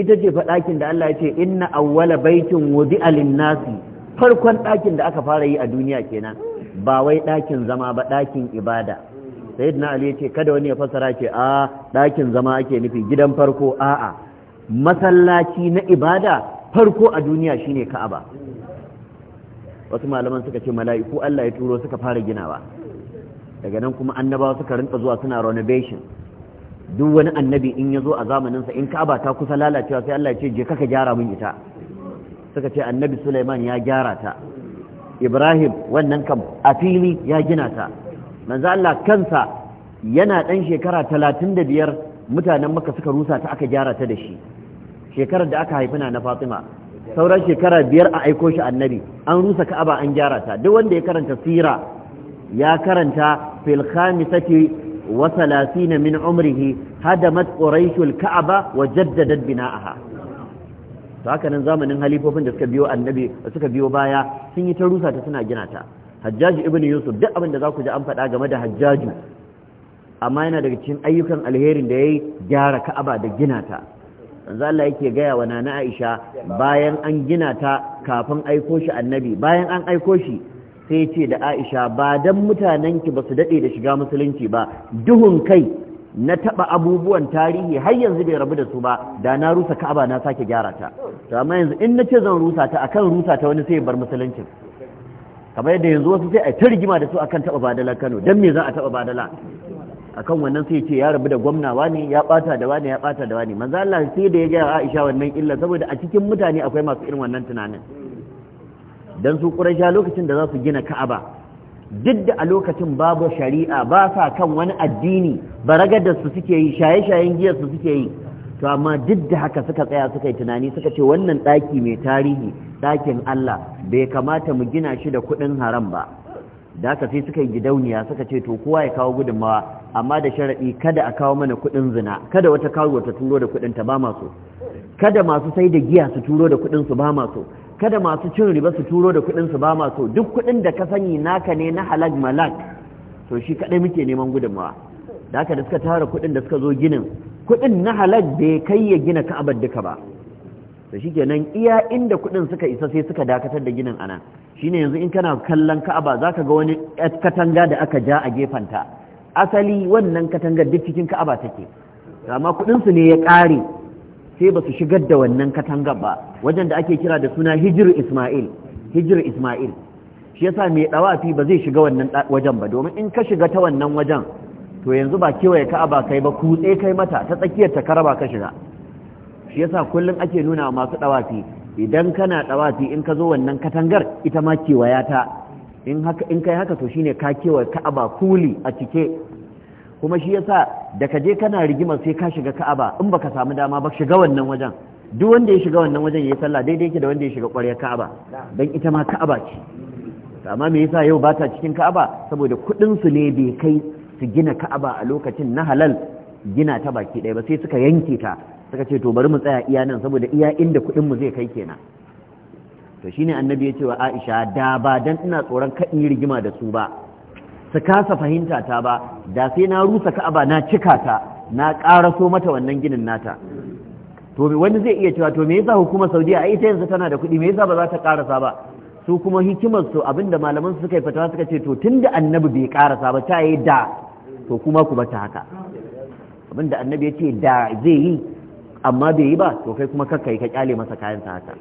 ita ce faɗakin da Allah ya ce inna awwala baitin wudi'a lin-nasi farkon ɗakin da aka fara yi a duniya kenan ba wai ɗakin zama ba ɗakin ibada sayyidina ali yace kada wani ya fasara ce a dakin zama ake nufi gidan farko a'a masallaci na ibada farko a duniya shine ka'aba wasu malaman suka ce mala'iku Allah ya turo suka fara ginawa daga nan kuma annabawa suka rinka zuwa suna renovation duk wani annabi in ya zo a sa in ka'aba ta kusa lalacewa sai Allah ya ce je kaka gyara min ita suka ce annabi Sulaiman ya gyara ta Ibrahim wannan kam a fili ya gina ta manzo Allah kansa yana ɗan shekara biyar mutanen maka suka rusa ta aka gyara ta da shi shekarar da aka haifi na Fatima sauran shekara biyar a aiko shi annabi an rusa Ka'aba an gyara ta duk wanda ya karanta sira ya karanta fil khamisati wa 30 min umrihi hadamat quraishul ka'aba wa jaddadat bina'aha to haka nan zamanin halifofin da suka biyo annabi suka biyo baya sun yi ta rusa ta suna gina ta hajjaji ibn yusuf duk abin da za ku ji an fada game da hajjaju amma yana daga cikin ayyukan alherin da ya gyara ka'aba da gina ta yanzu Allah yake gaya wa nana Aisha bayan an gina ta kafin aiko shi annabi bayan an aiko shi sai ce da Aisha ba dan mutanenki ba su daɗe da shiga musulunci ba duhun kai na taɓa abubuwan tarihi har yanzu bai rabu da su ba da na rusa ka'aba na sake gyara ta to amma yanzu in na ce zan rusa ta akan rusa ta wani sai bar musuluncin kamar yadda yanzu wasu sai a ta rigima da su akan taba badala Kano dan me za a taba badala akan wannan sai ce ya rabu da gwamna wani ya bata da wani ya bata da wani manzo Allah sai da ya ga Aisha wannan illa saboda a cikin mutane akwai masu irin wannan tunanin dan su Quraysha lokacin da za su gina Ka'aba duk da a lokacin babu shari'a ba sa kan wani addini baragar da su suke yi shaye-shayen giyar su suke yi to amma duk da haka suka tsaya suka yi tunani suka ce wannan ɗaki mai tarihi ɗakin Allah bai kamata mu gina shi da kuɗin haram ba da haka sai suka yi gidauniya suka ce to kowa ya kawo gudunmawa amma da sharaɗi kada a kawo mana kuɗin zina kada wata kawo ta turo da kuɗin ta ba masu kada masu sai da giya su turo da kuɗin su ba masu kada masu cin riba su turo da kuɗin su ba masu duk kuɗin da ka sani naka ne na halal malak to shi kaɗai muke neman gudunmawa da aka da suka tara kuɗin da suka zo ginin kuɗin na halal bai kai ya gina ka'abar duka ba da shi kenan iya inda kuɗin suka isa sai suka dakatar da ginin anan shine yanzu in kana kallon ka'aba za ka ga wani katanga da aka ja a gefen ta asali wannan katangar duk cikin ka'aba take amma su ne ya kare sai ba su shigar da wannan katangar ba wajen da ake kira da suna hijir ismail hijr ismail shi yasa mai dawafi ba zai shiga wannan wajen ba domin in ka shiga ta wannan wajen to yanzu ba kewaye ka'aba kai ba kutse kai mata ta tsakiyar ta karaba ka shiga shi yasa kullum ake nuna wa masu dawafi idan kana dawafi in ka zo wannan katangar ita ma kewaya ta in haka in kai haka to shine ka kewaye ka'aba kuli a cike kuma shi yasa da ka je kana rigima sai ka shiga ka'aba in baka samu dama ba shiga wannan wajen duk wanda ya shiga wannan wajen yayi sallah daidai yake da wanda ya shiga ƙwaryar ka'aba dan ita ma ka'aba ce amma me yasa yau ba ta cikin ka'aba saboda kudin su ne bai kai su gina ka'aba a lokacin na halal gina ta baki ɗaya ba sai suka yanke ta suka ce to bari mu tsaya iya nan saboda iya inda kuɗin mu zai kai kenan to shine annabi ya ce wa Aisha da ba dan ina tsoron ka rigima da su ba su kasa fahimta ta ba da sai na rusa ka'aba na cika ta na ƙaraso mata wannan ginin nata to wani zai iya cewa to me yasa hukumar Saudiya a ita yanzu tana da kuɗi me yasa ba za ta ƙarasa ba su kuma hikimar su abinda malaman su suka yi fatawa suka ce to tunda annabi bai ƙarasa ba ta yi da to kuma ku bata haka abinda annabi ya ce da zai yi amma bai yi ba to kai kuma kakka yi ka kyale masa kayan sa haka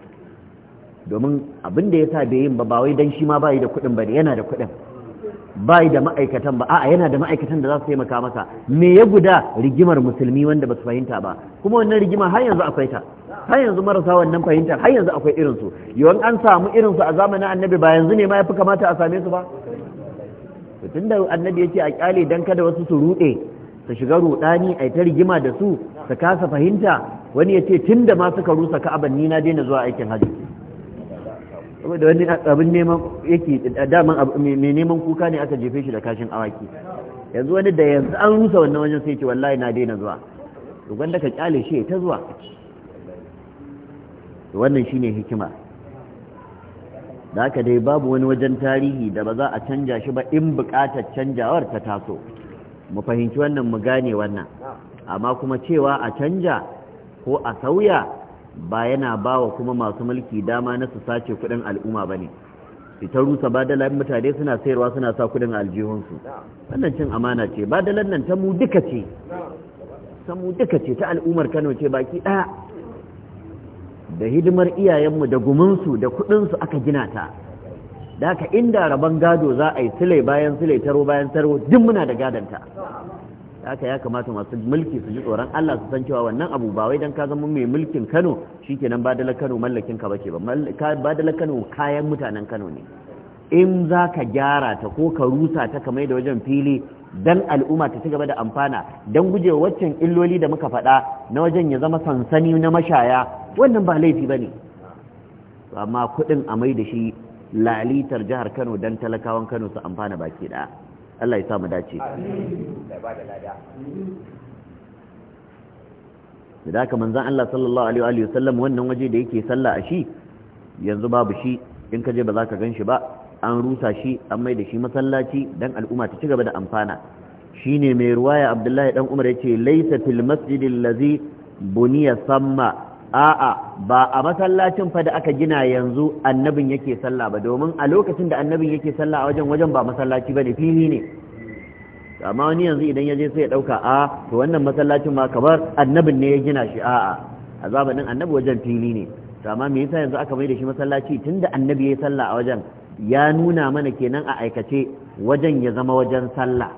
domin abinda ya sa bai yi ba ba wai dan shi ma bai da kuɗin ba ne yana da kuɗin bai da ma'aikatan ba a'a yana da ma'aikatan da za su taimaka masa me ya guda rigimar musulmi wanda ba su fahimta ba kuma wannan rigima har yanzu akwai ta har yanzu marasa wannan fahimtar har yanzu akwai irinsu yawan an samu irinsu a zamanin annabi ba yanzu ne ma ya fi kamata a same su ba to tunda annabi yace a kyale dan kada wasu su rude su shiga rudani ai ta rigima da su su kasa fahimta wani yace tunda ma suka rusa ka'aban ni na daina zuwa aikin hajji saboda wani abin neman yake daman mai neman kuka ne aka jefe shi da kashin awaki yanzu wani da yanzu an rusa wannan wajen sai ce wallahi na daina zuwa to gwanda ka kyale shi ta zuwa wannan shine hikima da haka dai babu wani wajen tarihi da ba za a canja shi ba in buƙatar canjawar ta taso mu fahimci wannan mu gane wannan amma kuma cewa a canja ko a sauya ba yana ba wa kuma masu mulki dama na su sace kuɗin al'umma ba ne ita rusa badala mutane suna sayarwa suna sa kuɗin aljihunsu wannan cin amana ce badalan nan ta ta mu duka ce ta al'ummar kano ce baki ɗaya da hidimar iyayenmu da guminsu da kuɗinsu aka gina ta da haka inda rabon gado za a yi sile bayan sile taro bayan taro duk muna da gadanta da haka ya kamata masu mulki su ji tsoron Allah su san cewa wannan abu ba wai dan ka zama mai mulkin Kano shikenan badala Kano mallakin ka bace ba badala Kano kayan mutanen Kano ne in za ka gyara ta ko ka rusa ta kamar da wajen fili dan al'umma ta ci gaba da amfana dan gujewa waccan illoli da muka faɗa na wajen ya zama sansani na mashaya wannan ba laifi ba ne amma kuɗin a mai da shi lalitar jihar kano don talakawan kano su amfana baki ɗaya allah ya samu dace da haka manzan allah sallallahu alaihi wasallam wannan waje da yake sallah a shi yanzu babu shi in ka je ba za ka gan shi ba an rusa shi an mai da shi masallaci don al'umma ta ci gaba da amfana shi ne mai ruwaya abdullahi dan umar ya ce laisa fil masjidil lazi buniya samma a'a ba a masallacin fa da aka gina yanzu annabin yake sallah ba domin a lokacin da annabin yake sallah a wajen wajen ba masallaci bane fili ne amma wani yanzu idan ya je sai ya dauka a to wannan masallacin ma kamar annabin ne ya gina shi a'a a zamanin annabi wajen fili ne amma me yasa yanzu aka mai da shi masallaci tunda annabi ya sallah a wajen ya nuna mana kenan a aikace wajen ya zama wajen sallah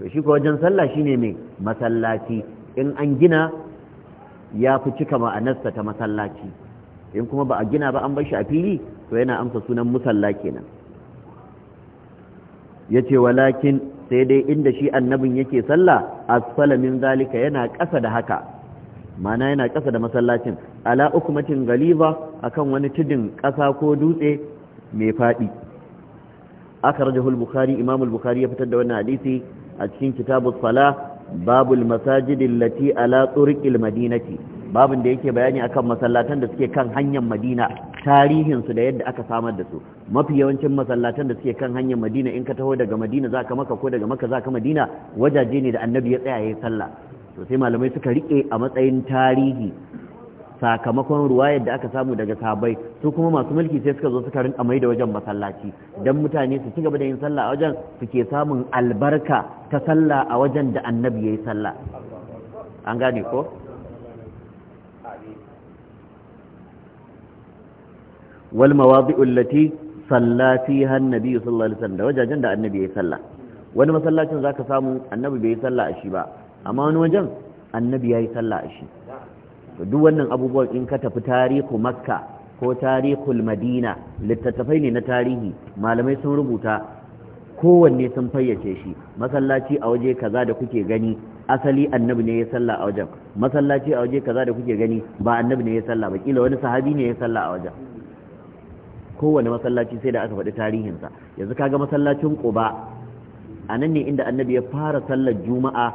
to shi ko wajen sallah shine mai masallaci in an gina ya fi cika ma'anarsa ta masallaci in kuma ba a gina ba an bar shi a fili to yana amsa sunan musalla kenan yace walakin sai dai inda shi annabin yake sallah asfala min zalika yana ƙasa da haka mana yana ƙasa da masallacin ala ukmatin galiba akan wani tudin ƙasa ko dutse mai faɗi aka al-bukhari imam al-bukhari ya fitar da wannan hadisi a cikin kitabu Fala. babul masajidin lati ala tsurikil madinati babin da yake bayani akan masallatan da suke kan hanyar madina tarihinsu da yadda aka samar da su mafi yawancin masallatan da suke kan hanyar madina in ka taho daga madina za ka maka ko daga maka za ka madina wajaje ne da annabi ya tsaya ya sallah to sai malamai suka rike a matsayin tarihi sakamakon ruwayar da aka samu daga sahabbai su kuma masu mulki sai suka zo suka rinka mai da wajen masallaci dan mutane su cigaba gaba da yin sallah a wajen suke samun albarka ta sallah a wajen da annabi yayi sallah an gane ko wal mawadi'u allati salla fiha annabi sallallahu alaihi wasallam wajajen da annabi yayi sallah wani masallacin zaka samu annabi bai yi sallah a shi ba amma wani wajen annabi yayi sallah a shi to duk wannan abubuwan in ka tafi tarihu makka ko tarihul madina littattafai ne na tarihi malamai sun rubuta kowanne sun fayyace shi masallaci a waje kaza da kuke gani asali annabi ne ya salla a wajen masallaci a waje kaza da kuke gani ba annabi ne ya salla ba kila wani sahabi ne ya salla a wajen kowane masallaci sai da aka faɗi tarihinsa yanzu kaga masallacin quba a nan ne inda annabi ya fara sallar juma'a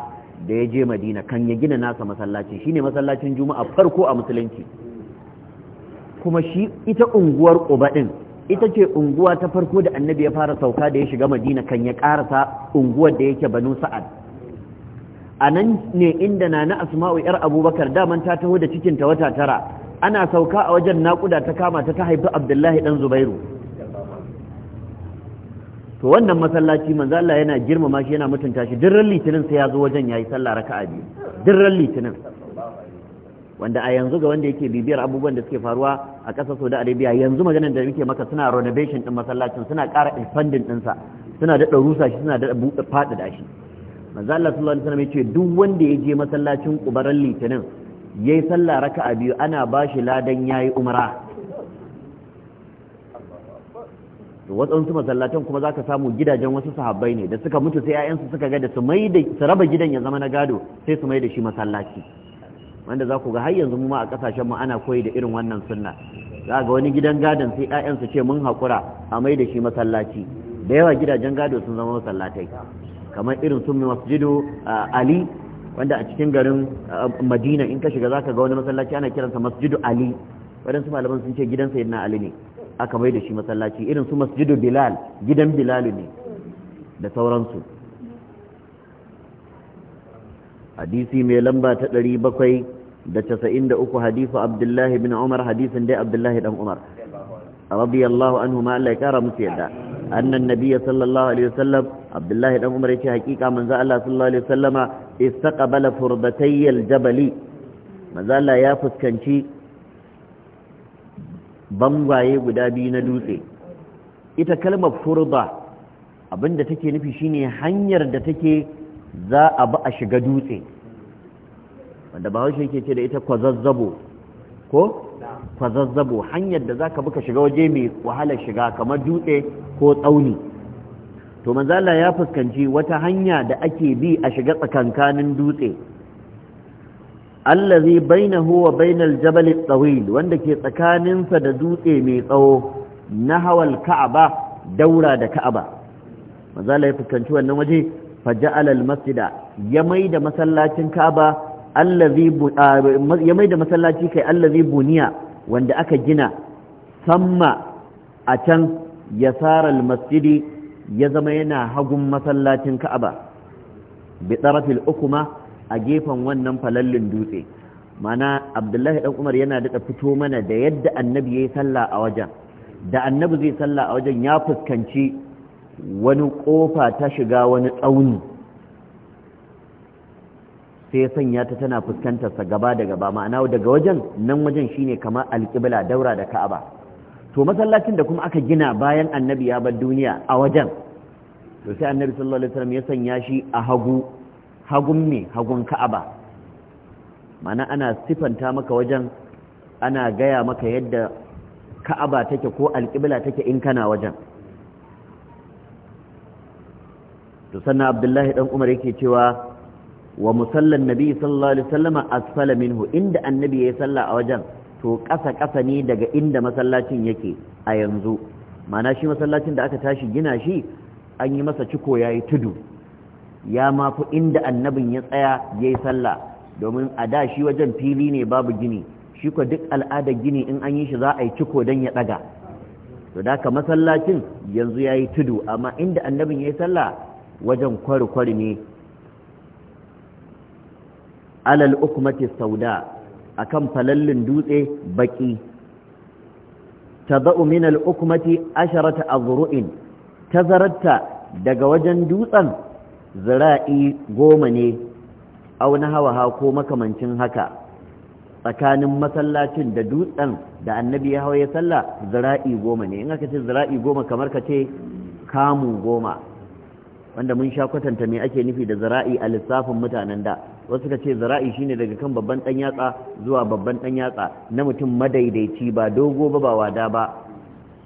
da ya je madina kan ya gina nasa masallaci shine masallacin juma'a farko a musulunci kuma shi ita unguwar quba ita ce unguwa ta farko da annabi ya fara sauka da ya shiga madina kan ya ƙarasa unguwar da yake banu sa'ad a nan ne inda na na asma'u yar abubakar daman ta taho da cikinta wata tara ana sauka a wajen naƙuda ta kama ta ta haifi abdullahi ɗan zubairu to wannan masallaci manzo Allah yana girmama shi yana mutunta shi dirran litinin sai ya zo wajen yayi sallah raka'a biyu dirran litinin wanda a yanzu ga wanda yake bibiyar abubuwan da suke faruwa a ƙasar Saudi Arabia yanzu maganar da muke maka suna renovation din masallacin suna ƙara expanding din sa suna da rusa shi suna da buɗe faɗi da shi manzo Allah sallallahu alaihi wasallam ya ce duk wanda ya je masallacin kubaran litinin yayi sallah raka'a biyu ana bashi ladan yayi umra to waɗansu masallatan kuma za ka samu gidajen wasu sahabbai ne da suka mutu sai 'ya'yansu suka ga da su mai da su raba gidan ya zama na gado sai su mai da shi masallaci wanda za ku ga har yanzu mu ma a ƙasashen mu ana koyi da irin wannan sunna za ga wani gidan gadon sai 'ya'yansu ce mun haƙura a mai da shi masallaci da yawa gidajen gado sun zama masallatai kamar irin sun masjidu ali wanda a cikin garin madina in ka shiga za ka ga wani masallaci ana kiransa masjidu ali waɗansu malaman sun ce gidan sayyidina ali ne aka mai da shi masallaci irin su masjidu bilal gidan bilal ne da sauransu hadisi mai lamba ta ɗari bakwai da casa'in da uku hadisu abdullahi bin umar hadisin dai abdullahi dan umar radiyallahu anhu ma Allah ya kara musu yadda annan nabiyya sallallahu alaihi wasallam abdullahi dan umar yace hakika manzo Allah sallallahu alaihi wasallama istaqbala furbatayil jabali manzo Allah ya fuskanci bangwaye guda biyu na dutse ita kalmar furba abinda take nufi shine hanyar da take za a ba a shiga dutse wanda ba bahaushe ke ce da ita kwazazzabo ko kwazazzabo hanyar da za ka buka shiga waje mai wahalar shiga kamar dutse ko tsauni to manzala ya fuskanci wata hanya da ake bi a shiga tsakankanin dutse allazi bainahu wa bainal jabal at-tawil wanda ke tsakaninsa da dutse mai tsawo na hawal ka'aba daura da ka'aba maza la fuskanci wannan waje faja'ala al-masjida ya maida masallacin ka'aba allazi ya maida masallaci kai allazi buniya wanda aka gina samma a can yasar al-masjidi ya zama yana hagun masallacin ka'aba bi tarafil ukuma a gefen wannan falallin dutse mana abdullahi dan umar yana daɗa fito mana da yadda annabi ya yi sallah a wajen da annabi zai sallah a wajen ya fuskanci wani kofa ta shiga wani tsauni sai sanya ta tana fuskantarsa gaba da gaba ma'ana daga wajen nan wajen shine kamar alƙibla daura da ka'aba to masallacin da kuma aka gina bayan annabi ya bar duniya a wajen to sai annabi sallallahu alaihi wasallam ya sanya shi a hagu hagun me hagun ka'aba mana ana sifanta maka wajen ana gaya maka yadda ka'aba take ko alƙibla take in kana wajen to sannan abdullahi dan umar yake cewa wa musallan nabi sallallahu alaihi wasallama asfala minhu inda annabi ya salla a wajen to ƙasa ƙasa ne daga inda masallacin yake a yanzu mana shi masallacin da aka tashi gina shi an yi masa ciko yayi tudu ya ma fi inda annabin ya tsaya ya yi sallah domin a da shi wajen fili ne babu gini shi ko duk al'adar gini in an yi shi za a yi ciko don ya ɗaga to da masallacin yanzu ya yi tudu amma inda annabin ya yi sallah wajen kwari-kwari ne alal ukumati sauda a kan falallin dutse baƙi ta za'u min al'ukumati asharata a zuru'in zararta daga wajen dutsen zira'i goma ne au na hawa ko makamancin haka tsakanin masallacin da dutsen da annabi ya hawa ya salla zira'i goma ne in aka ce zira'i goma kamar ka ce kamu goma wanda mun sha kwatanta me ake nufi da zira'i a lissafin mutanen da wasu ka ce zira'i shine daga kan babban dan yatsa zuwa babban dan yatsa na mutum madaidaici ba dogo ba ba wada ba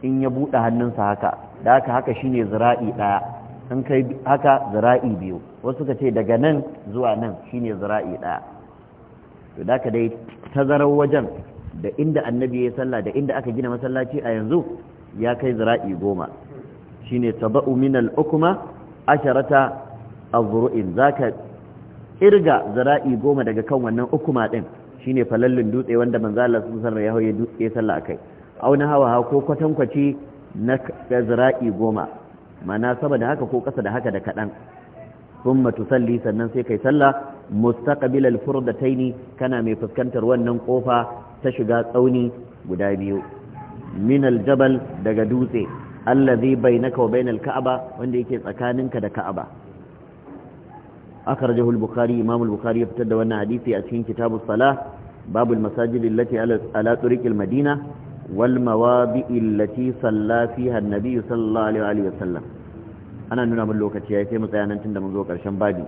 in ya buɗe hannunsa haka da haka haka shine zira'i ɗaya in kai haka zira'i biyu wasu ka ce daga nan zuwa nan shine zira'i ɗaya to da ka dai tazarar wajen da inda annabi ya salla da inda aka gina masallaci a yanzu ya kai zira'i goma shine ukuma min al-ukma asharata azru'in zaka irga zira'i goma daga kan wannan ukuma din shine falallin dutse wanda manzo Allah sallallahu alaihi wasallam ya haye dutse kai akai auna hawa ko kwatankwaci na zira'i goma mana sama da haka ko ƙasa da haka da kaɗan thumma salli sannan sai kai sallah mustaqbil al-furdataini kana mai fuskantar wannan kofa ta shiga tsauni guda biyu minal jabal daga dutse allazi na wa bainal ka'aba wanda yake tsakaninka da ka'aba akhrajahu al-bukhari imam al ya fitar da wannan hadisi a cikin kitabu salah babul masajid allati ala turiqil madina wal mawadi'i allati salla fiha an sallallahu alaihi wa sallam ana nuna min lokaci ya sai mu tsaya nan tunda mun zo karshen babi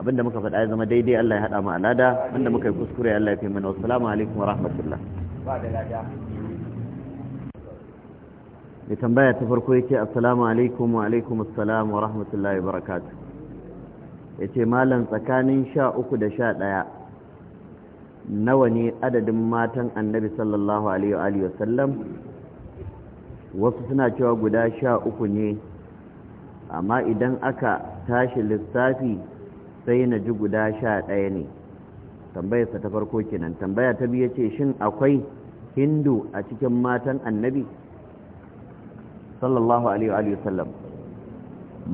abinda muka faɗa ya zama daidai Allah ya haɗa mu alada abinda muka yi kuskure Allah ya fi mana wassalamu alaikum wa rahmatullah ba da lada ya tambaya ta farko yake assalamu alaikum wa alaikum assalam wa rahmatullahi wa barakatuh yace malam tsakanin sha uku da sha ɗaya nawa ne adadin matan annabi sallallahu alaihi wa sallam wasu suna cewa guda sha uku ne amma idan aka tashi lissafi sai na ji guda sha ɗaya ne tambayarsa ta farko kenan tambaya ta biyu ce shin akwai hindu a cikin matan annabi sallallahu alaihi wa sallam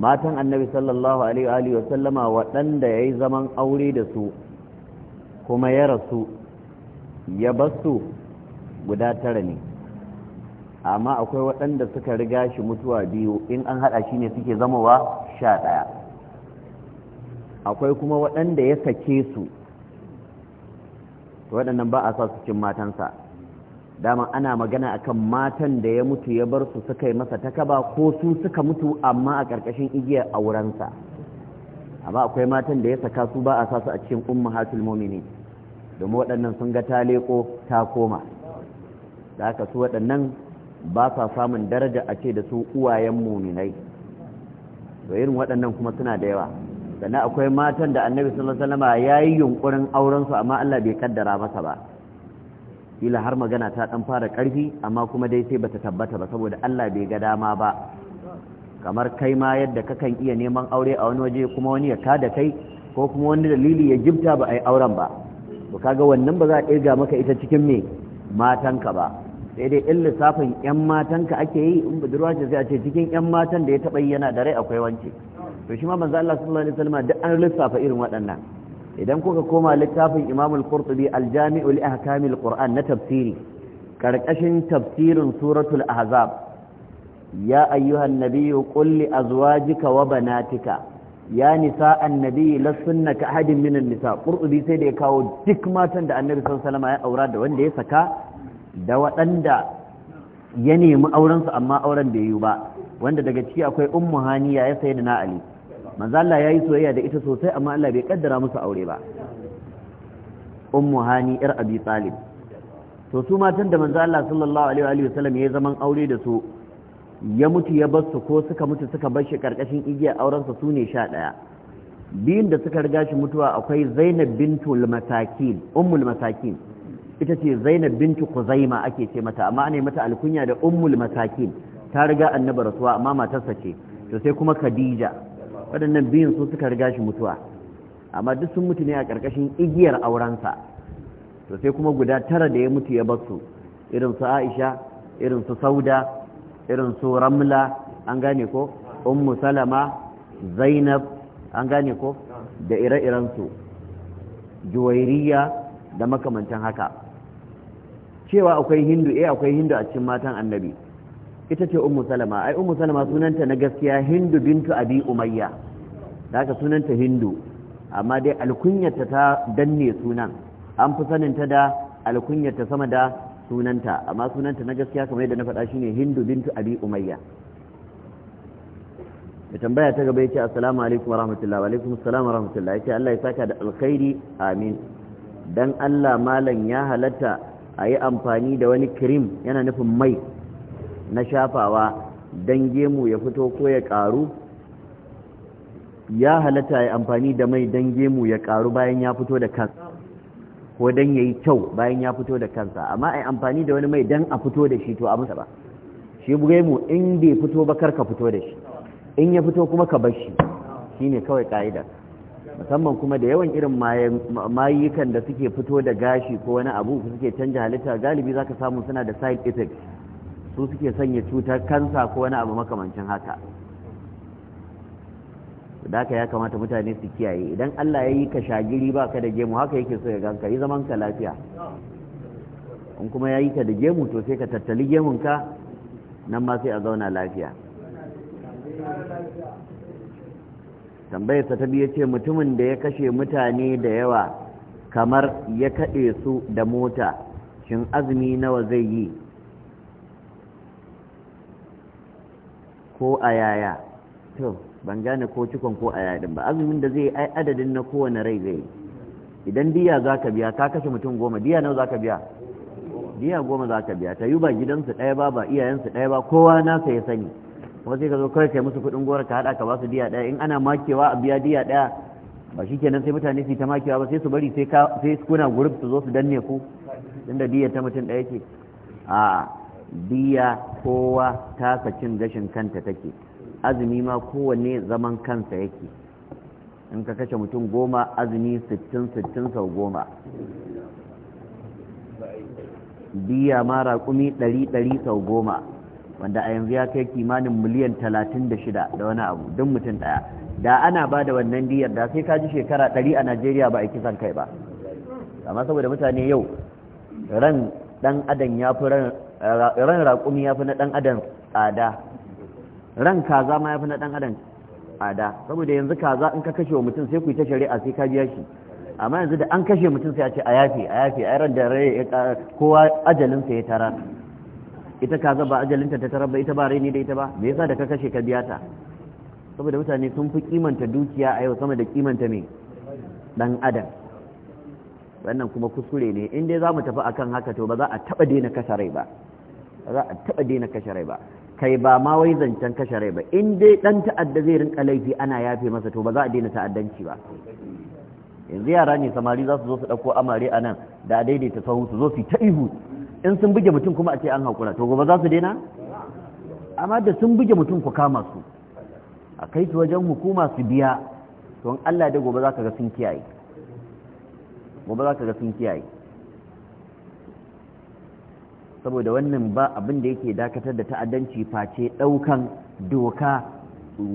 matan annabi sallallahu alaihi wa sallama waɗanda ya yi zaman aure da su kuma ya rasu ya basu guda tara ne amma akwai waɗanda suka riga shi mutuwa biyu in an haɗa shi ne suke zamowa sha ɗaya akwai kuma waɗanda ya sake su waɗannan ba a sa su cin matansa dama ana magana akan matan da ya mutu ya bar su suka yi masa takaba ko su suka mutu amma a ƙarƙashin igiya a aurensa amma akwai matan da ya saka su ba a sa su a cikin umma ummahatul momini domin waɗannan sun ga ta leƙo ta koma da aka su waɗannan ba sa samun daraja a ce da su uwayen muminai to irin waɗannan kuma suna da yawa sannan akwai matan da annabi sallallahu alaihi wasallam yayi yunkurin aurensu su amma Allah bai kaddara masa ba kila har magana ta dan fara karfi amma kuma dai sai bata tabbata ba saboda Allah bai ga dama ba kamar kai ma yadda kakan iya neman aure a wani waje kuma wani ya kada kai ko kuma wani dalili ya jibta ba a yi auren ba to kaga wannan ba za a ɗirga maka ita cikin me ka ba sai dai in lissafin 'yan matanka ake yi in budurwa ce sai a ce cikin 'yan matan da ya taɓa yi yana da rai akwai wance to shi ma manzo Allah sallallahu alaihi wasallam duk an lissafa irin waɗannan idan kuka koma littafin Imam al-Qurtubi al-Jami'u ahkam al-Qur'an na tafsiri karkashin tafsirin suratul ahzab ya ayyuhan nabiyyu qul li azwajika wa banatika ya nisa annabi lasunna ka ahadin minan nisa qurtubi sai da ya kawo duk matan da annabi sallallahu alaihi wasallam ya aura da wanda ya saka da waɗanda ya nemi aurensu amma auren bai yi ba wanda daga ciki akwai ummu haniya ya sayi da na ali manzo ya yi soyayya da ita sosai amma Allah bai kaddara musu aure ba ummu hani yar abi talib to su matan da manzala ya sallallahu alaihi wa sallam ya zaman aure da su ya mutu ya bar su ko suka mutu suka bar shi karkashin igiya auren su ne sha ɗaya? biyun da suka riga shi mutuwa akwai Zainab bintul Masakin ummul Masakin ita ce zainab bintu kuzaima ake ce mata amma ne mata alkunya da ummul masakin ta riga annaba rasuwa amma matarsa ce to sai kuma khadija waɗannan biyun su suka riga shi mutuwa amma duk sun mutu ne a ƙarƙashin igiyar aurensa to sai kuma guda tara da ya mutu ya bar su irin su aisha irin su sauda irin su ramla an gane ko ummu salama zainab an gane ko da ire-irensu juwairiya da makamantan haka cewa akwai hindu eh akwai hindu a cikin matan annabi ita ce ummu salama ai ummu salama sunanta na gaskiya hindu bintu abi umayya daga sunanta hindu amma dai alkunyarta ta danne sunan an fi saninta da alkunyarta sama da sunanta amma sunanta na gaskiya kamar yadda na faɗa shine hindu bintu abi umayya da tambaya ta gaba yace assalamu alaikum wa rahmatullahi wa alaikum assalam wa rahmatullahi yace Allah ya saka da alkhairi amin dan Allah malam ya halatta a yi amfani da wani kirim yana nufin mai na shafawa don gemu ya fito ko ya ƙaru ya halatta ya amfani da mai don gemu ya ƙaru bayan ya fito da kansa ko don ya yi kyau bayan ya fito da kansa amma a yi amfani da wani mai don a fito da shi to a musa ba shi gemu in bai fito ba kar ka fito da shi in ya fito kuma ka bar shi ne kawai ka'idar musamman kuma da yawan irin mayukan da suke fito da gashi ko wani abu suke canja halitta galibi za ka samu suna da side effects su suke sanya cutar kansa ko wani abu makamancin haka da haka ya kamata mutane su kiyaye idan Allah ya yi ka shagiri ba ka da gemu haka yake so ya ganka yi zaman ka lafiya in kuma ya yi ka da gemu to sai ka tattali gemun ka nan ma sai a zauna lafiya tambayarsa ta biyu ce mutumin da ya kashe mutane da yawa kamar ya kaɗe su da mota shin azumi nawa zai yi ko a yaya to ban gane ko cikon ko a din ba azumin da zai ai adadin na kowane rai zai yi idan diya za ka biya ka kashe mutum goma diya nawa za ka biya diya goma za ka biya ta yi ba gidansu ɗaya ba ba iyayensu ɗaya ba kowa nasa ya sani wasu ka zo kawai sai musu kuɗin gora ka haɗa ka ba su diya ɗaya in ana makewa a biya diya ɗaya ba shi kenan sai mutane su ta makewa ba sai su bari sai kuna gurub su zo su danne ku inda diya ta mutum ɗaya ce a diya kowa ta cin gashin kanta take azumi ma kowanne zaman kansa yake in ka kashe mutum goma azumi sittin sittin sau goma diya ma raƙumi ɗari ɗari sau goma wanda a yanzu ya kai kimanin miliyan talatin da shida da wani abu duk mutum daya da ana ba da wannan diyar da sai ka ji shekara ɗari a najeriya ba a yi kai ba amma saboda mutane yau ran dan adam ya fi ran raƙumi ya fi na dan adam tsada ran kaza ma ya fi na dan adam tsada saboda yanzu kaza in ka kashe wa mutum sai ku yi ta shari'a sai ka biya shi amma yanzu da an kashe mutum sai a ce a yafe a yafe a yaran da kowa ajalinsa ya tara ita ka ba ajalinta ta tarar ba ita ba raini da ita ba me yasa da ka kashe ka biya ta saboda mutane sun fi kimanta dukiya a yau sama da kimanta me dan adam wannan kuma kuskure ne in dai zamu tafi akan haka to ba za a taba daina kashe rai ba ba za a taba daina kashe rai ba kai ba ma wai zancen kashe rai ba in dai dan ta'adda zai rinka laifi ana yafe masa to ba za a daina ta'addanci ba yanzu yara ne samari za su zo su dauko amare a nan da daidaita sahu su zo su ta ihu in sun buge mutum kuma a ce an haƙura to gobe za su daina amma da sun buge mutum ku kama su a kai su wajen hukuma su biya to an Allah da gobe za ka ga sun kiyaye gobe za ka ga sun kiyaye saboda wannan ba abin da yake dakatar da ta'addanci face ɗaukan doka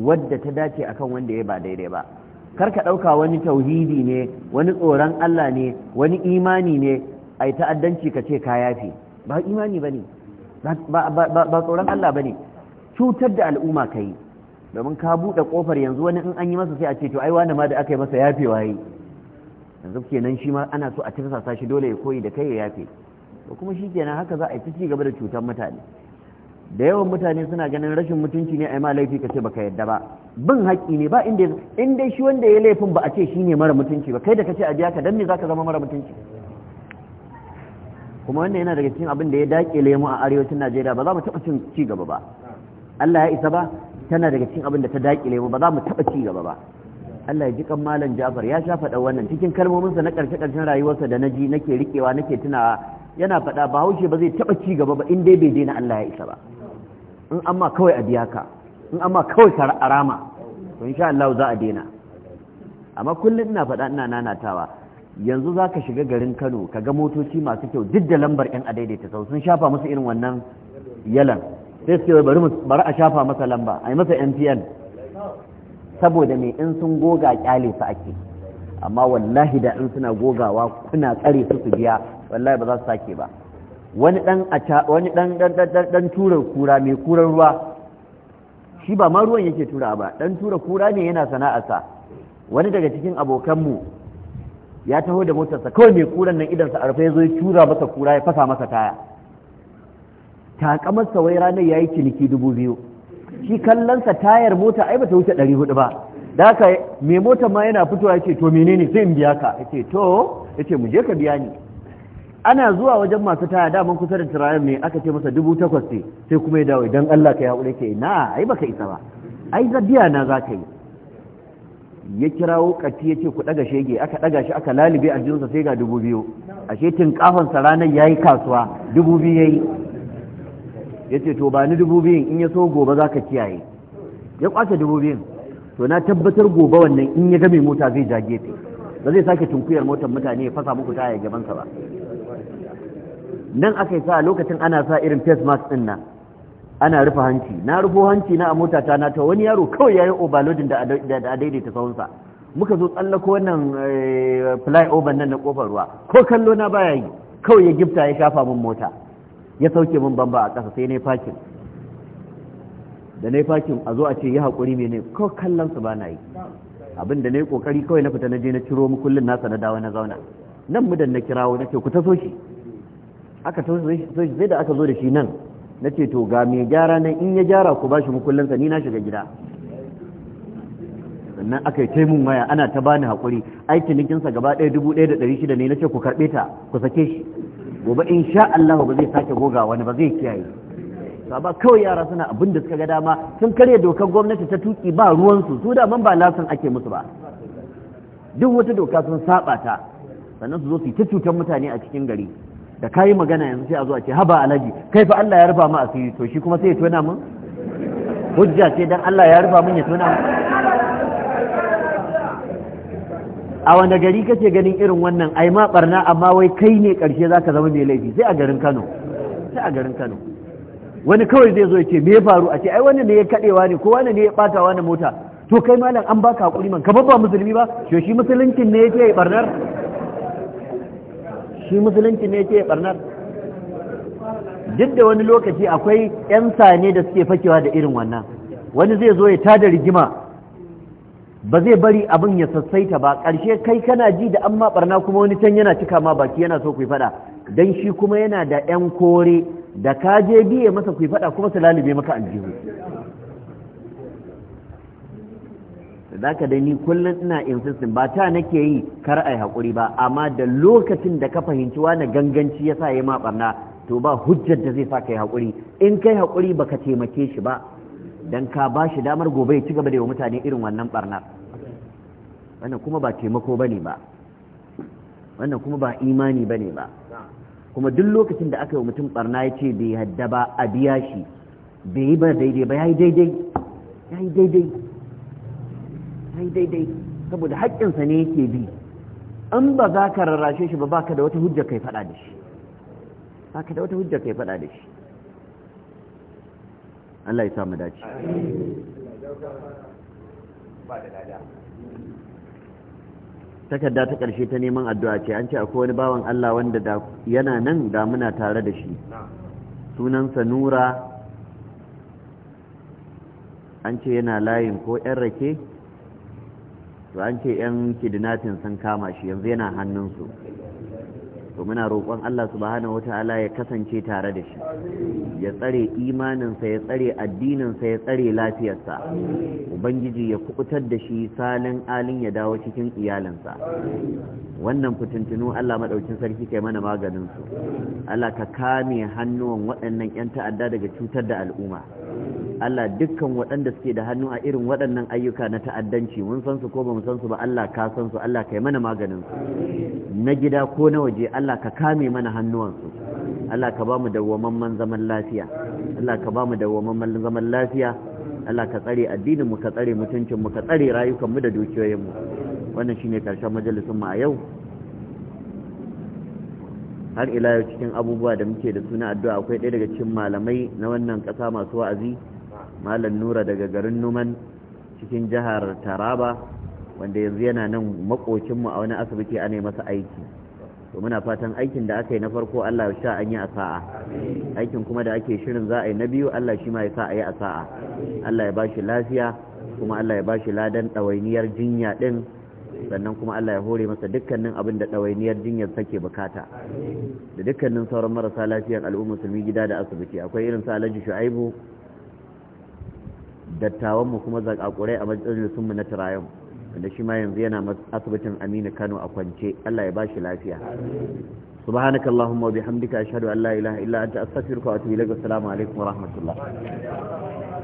wadda ta dace akan wanda ya ba daidai ba kar ka ɗauka wani tauhidi ne wani tsoron Allah ne wani imani ne ai ta'addanci ka ce ka yafe ba imani ba ne ba tsoron Allah ba ne cutar da al'umma ka yi domin ka buɗe ƙofar yanzu wani in an yi masa sai a ce to ai wani ma da aka yi masa yafewa yi yanzu kenan shi ma ana so a sa shi dole ya koyi da kai ya yafe to kuma shi kenan haka za a yi ci gaba da cutar mutane da yawan mutane suna ganin rashin mutunci ne a yi ma laifi ka ce baka yadda ba bin haƙƙi ne ba inda shi wanda ya laifin ba a ce shi ne mara mutunci ba kai da ka ce a biya ka dan me ka zama mara mutunci kuma wannan yana daga cikin abin da ya dakile mu a arewacin Najeriya ba za mu taɓa cin ci gaba ba Allah ya isa ba tana daga cikin abin da ta dakile mu ba za mu taɓa ci gaba ba Allah ya ji kan malam Jafar ya sha faɗa wannan cikin kalmominsa na ƙarshe ƙarshen rayuwarsa da naji nake rikewa nake tunawa yana faɗa ba haushe ba zai taɓa ci gaba ba in dai bai daina Allah ya isa ba in amma kawai a biya ka in amma kawai ka arama to insha Allah za a daina amma kullum ina faɗa ina nanatawa yanzu za ka shiga garin kano ka ga motoci masu kyau duk da lambar yan adaidaita sau sun shafa musu irin wannan yalan sai su ce bari a shafa masa lamba a yi masa mpn saboda mai in sun goga kyale su ake amma wallahi da in suna gogawa kuna tsare su su biya wallahi ba za su sake ba wani dan wani kura mai kurar ruwa shi ba ma ruwan yake tura ba dan tura kura ne yana sana'arsa wani daga cikin abokanmu ya taho da motarsa kawai mai kuran nan idansa a rufe ya zo ya tura masa kura ya fasa masa taya takamarsa wai ranar ya yi ciniki dubu biyu shi sa tayar mota ai bata wuce ɗari hudu ba da haka mai mota ma yana fitowa ya ce to menene sai in biya ka ya ce to ya ce mu je ka biya ni ana zuwa wajen masu taya daman kusa da tirayen ne aka ce masa dubu takwas sai kuma ya dawo idan Allah ka ya hakuri ke na ai baka isa ba ai biya na za ka yi ya kirawo kati ya ce ku ɗaga shege aka ɗaga shi aka lalibe a jinsa sai ga dubu biyu A ashe tinkafansa ranar ya yi kasuwa dubu biyu ya yi ya ce to ba ni dubu biyun in ya so gobe za ka kiyaye ya kwace dubu biyun to na tabbatar gobe wannan in ya gami mota zai ja gefe ba zai sake tunkuyar motar mutane ya fasa muku taya gabansa ba nan aka yi sa lokacin ana sa irin face mask ɗin nan ana rufe hanci na rufo hanci na a mota ta na ta wani yaro kawai yayi overloading da da daidaita sahunsa muka zo tsallako wannan eh, over nan na kofar ruwa ko kallo na baya yi kawai ya gifta ya shafa min mota ya sauke min bamba a ƙasa sai na parking da na parking a zo a ce ya haƙuri mene ko kallon su ba na yi abin da na yi ƙoƙari kawai na fita na je na ciro mu kullum nasa na dawo na zauna nan mudan na kirawo nake ku taso shi aka taso shi sai da aka zo da shi nan na ce to ga mai gyara nan in ya gyara ku bashi mukullinsa ni na shiga gida sannan aka yi taimun waya ana ta bani haƙuri aikin nikinsa gaba ɗaya dubu ɗaya da ɗari shida ne na ce ku karɓe ta ku sake shi gobe in sha Allah ba zai sake goga wani ba zai kiyaye to ba kawai yara suna abin da suka ga dama sun karya dokar gwamnati ta tuki ba ruwan su da man ba lasan ake musu ba duk wata doka sun saba ta sannan su zo su yi ta cutar mutane a cikin gari da yi magana yanzu sai a zuwa ce haba alaji kai fa Allah ya rufa mu asiri to shi kuma sai ya tona mun hujja ce dan Allah ya rufa mun ya tona mu? a wanda gari kake ganin irin wannan ai ma barna amma wai kai ne karshe zaka zama mai laifi sai a garin Kano sai a garin Kano wani kawai zai zo ya ce me ya faru a ce ai wani ne ya kadewa ne ko wani ne ya bata wani mota to kai malam an baka hakuri man ka ba musulmi ba shi musulunci ne yake barnar shi musulunci ne ke barnar duk da wani lokaci akwai 'yan sane da suke fakewa da irin wannan wani zai zo ya tada rigima ba zai bari abin ya sassaita ba Karshe kai kana ji da amma barna kuma wani can yana cika ma baki yana so ku faɗa don shi kuma yana da 'yan kore da kaje biye masa ku faɗa kuma su lalube maka aljihu za ka dai ni kullum ina insistin ba ta nake yi kar ai haƙuri ba amma da lokacin da ka fahimci wani ganganci ya sa ya ma ɓarna to ba hujjar da zai sa ka yi haƙuri in kai haƙuri ba ka taimake shi ba don ka ba shi damar gobe ya ci gaba da yi wa mutane irin wannan ɓarnar wannan kuma ba taimako ba ne ba wannan kuma ba imani ba ne ba kuma duk lokacin da aka yi wa mutum ɓarna ya ce bai yadda ba a biya shi bai yi ba daidai ba ya yi daidai ya yi daidai kai daidai saboda haƙƙinsa ne yake bi an ba za ka rarrashe shi ba ba ka da wata hujja kai faɗa da shi ba ka da wata hujja kai faɗa da shi Allah ya samu dace takarda ta ƙarshe ta neman addu'a ce an ce akwai wani bawan Allah wanda yana nan da muna tare da shi sunansa nura an ce yana layin ko 'yan rake to an ce yan kidnapping sun kama shi yanzu yana hannunsu to muna roƙon Allah subhanahu wata'ala ya kasance tare da shi ya tsare imaninsa ya tsare addininsa ya tsare lafiyarsa ubangiji ya kubutar da shi salin alin ya dawo cikin iyalinsa wannan fitintunu Allah maɗaukin sarki kai mana maganinsu Allah ka kame hannuwan waɗannan 'yan ta'adda daga cutar da al'umma Allah dukkan waɗanda suke da hannu a irin waɗannan ayyuka na ta'addanci mun san su ko ba mu san su ba Allah ka san su Allah kai mana maganin su na gida ko na waje Allah ka kame mana hannuwan su Allah ka ba mu dawwamamman zaman lafiya Allah ka ba mu dawwamamman zaman lafiya Allah ka tsare addinin mu ka tsare mutuncin mu ka tsare rayukan mu da dukiyoyin mu wannan shine karshen majalisin mu a yau har ila cikin abubuwa da muke da suna addu'a akwai ɗaya daga cikin malamai na wannan ƙasa masu wa'azi malam nura daga garin numan cikin jihar taraba wanda yanzu yana nan makocinmu a wani asibiti ana masa aiki to muna fatan aikin da aka yi na farko Allah ya sha an yi a sa'a aikin kuma da ake shirin za a yi na biyu Allah shi ma ya sa a yi a sa'a Allah ya bashi lafiya kuma Allah ya bashi ladan ɗawainiyar jinya ɗin sannan kuma Allah ya hore masa dukkanin abin da ɗawainiyar jinyar take bukata da dukkanin sauran marasa lafiyar al'ummar musulmi gida da asibiti akwai irin su alhaji shu'aibu mu kuma zakakurai a majalisunmu na turayen da shi ma yanzu yana asibitin aminu kano a kwance allah ya shi lafiya subhanakallahumma wa bihamdika ashhadu an la ilaha illa anta astaghfiruka wa atubu ilaik assalamu alaikum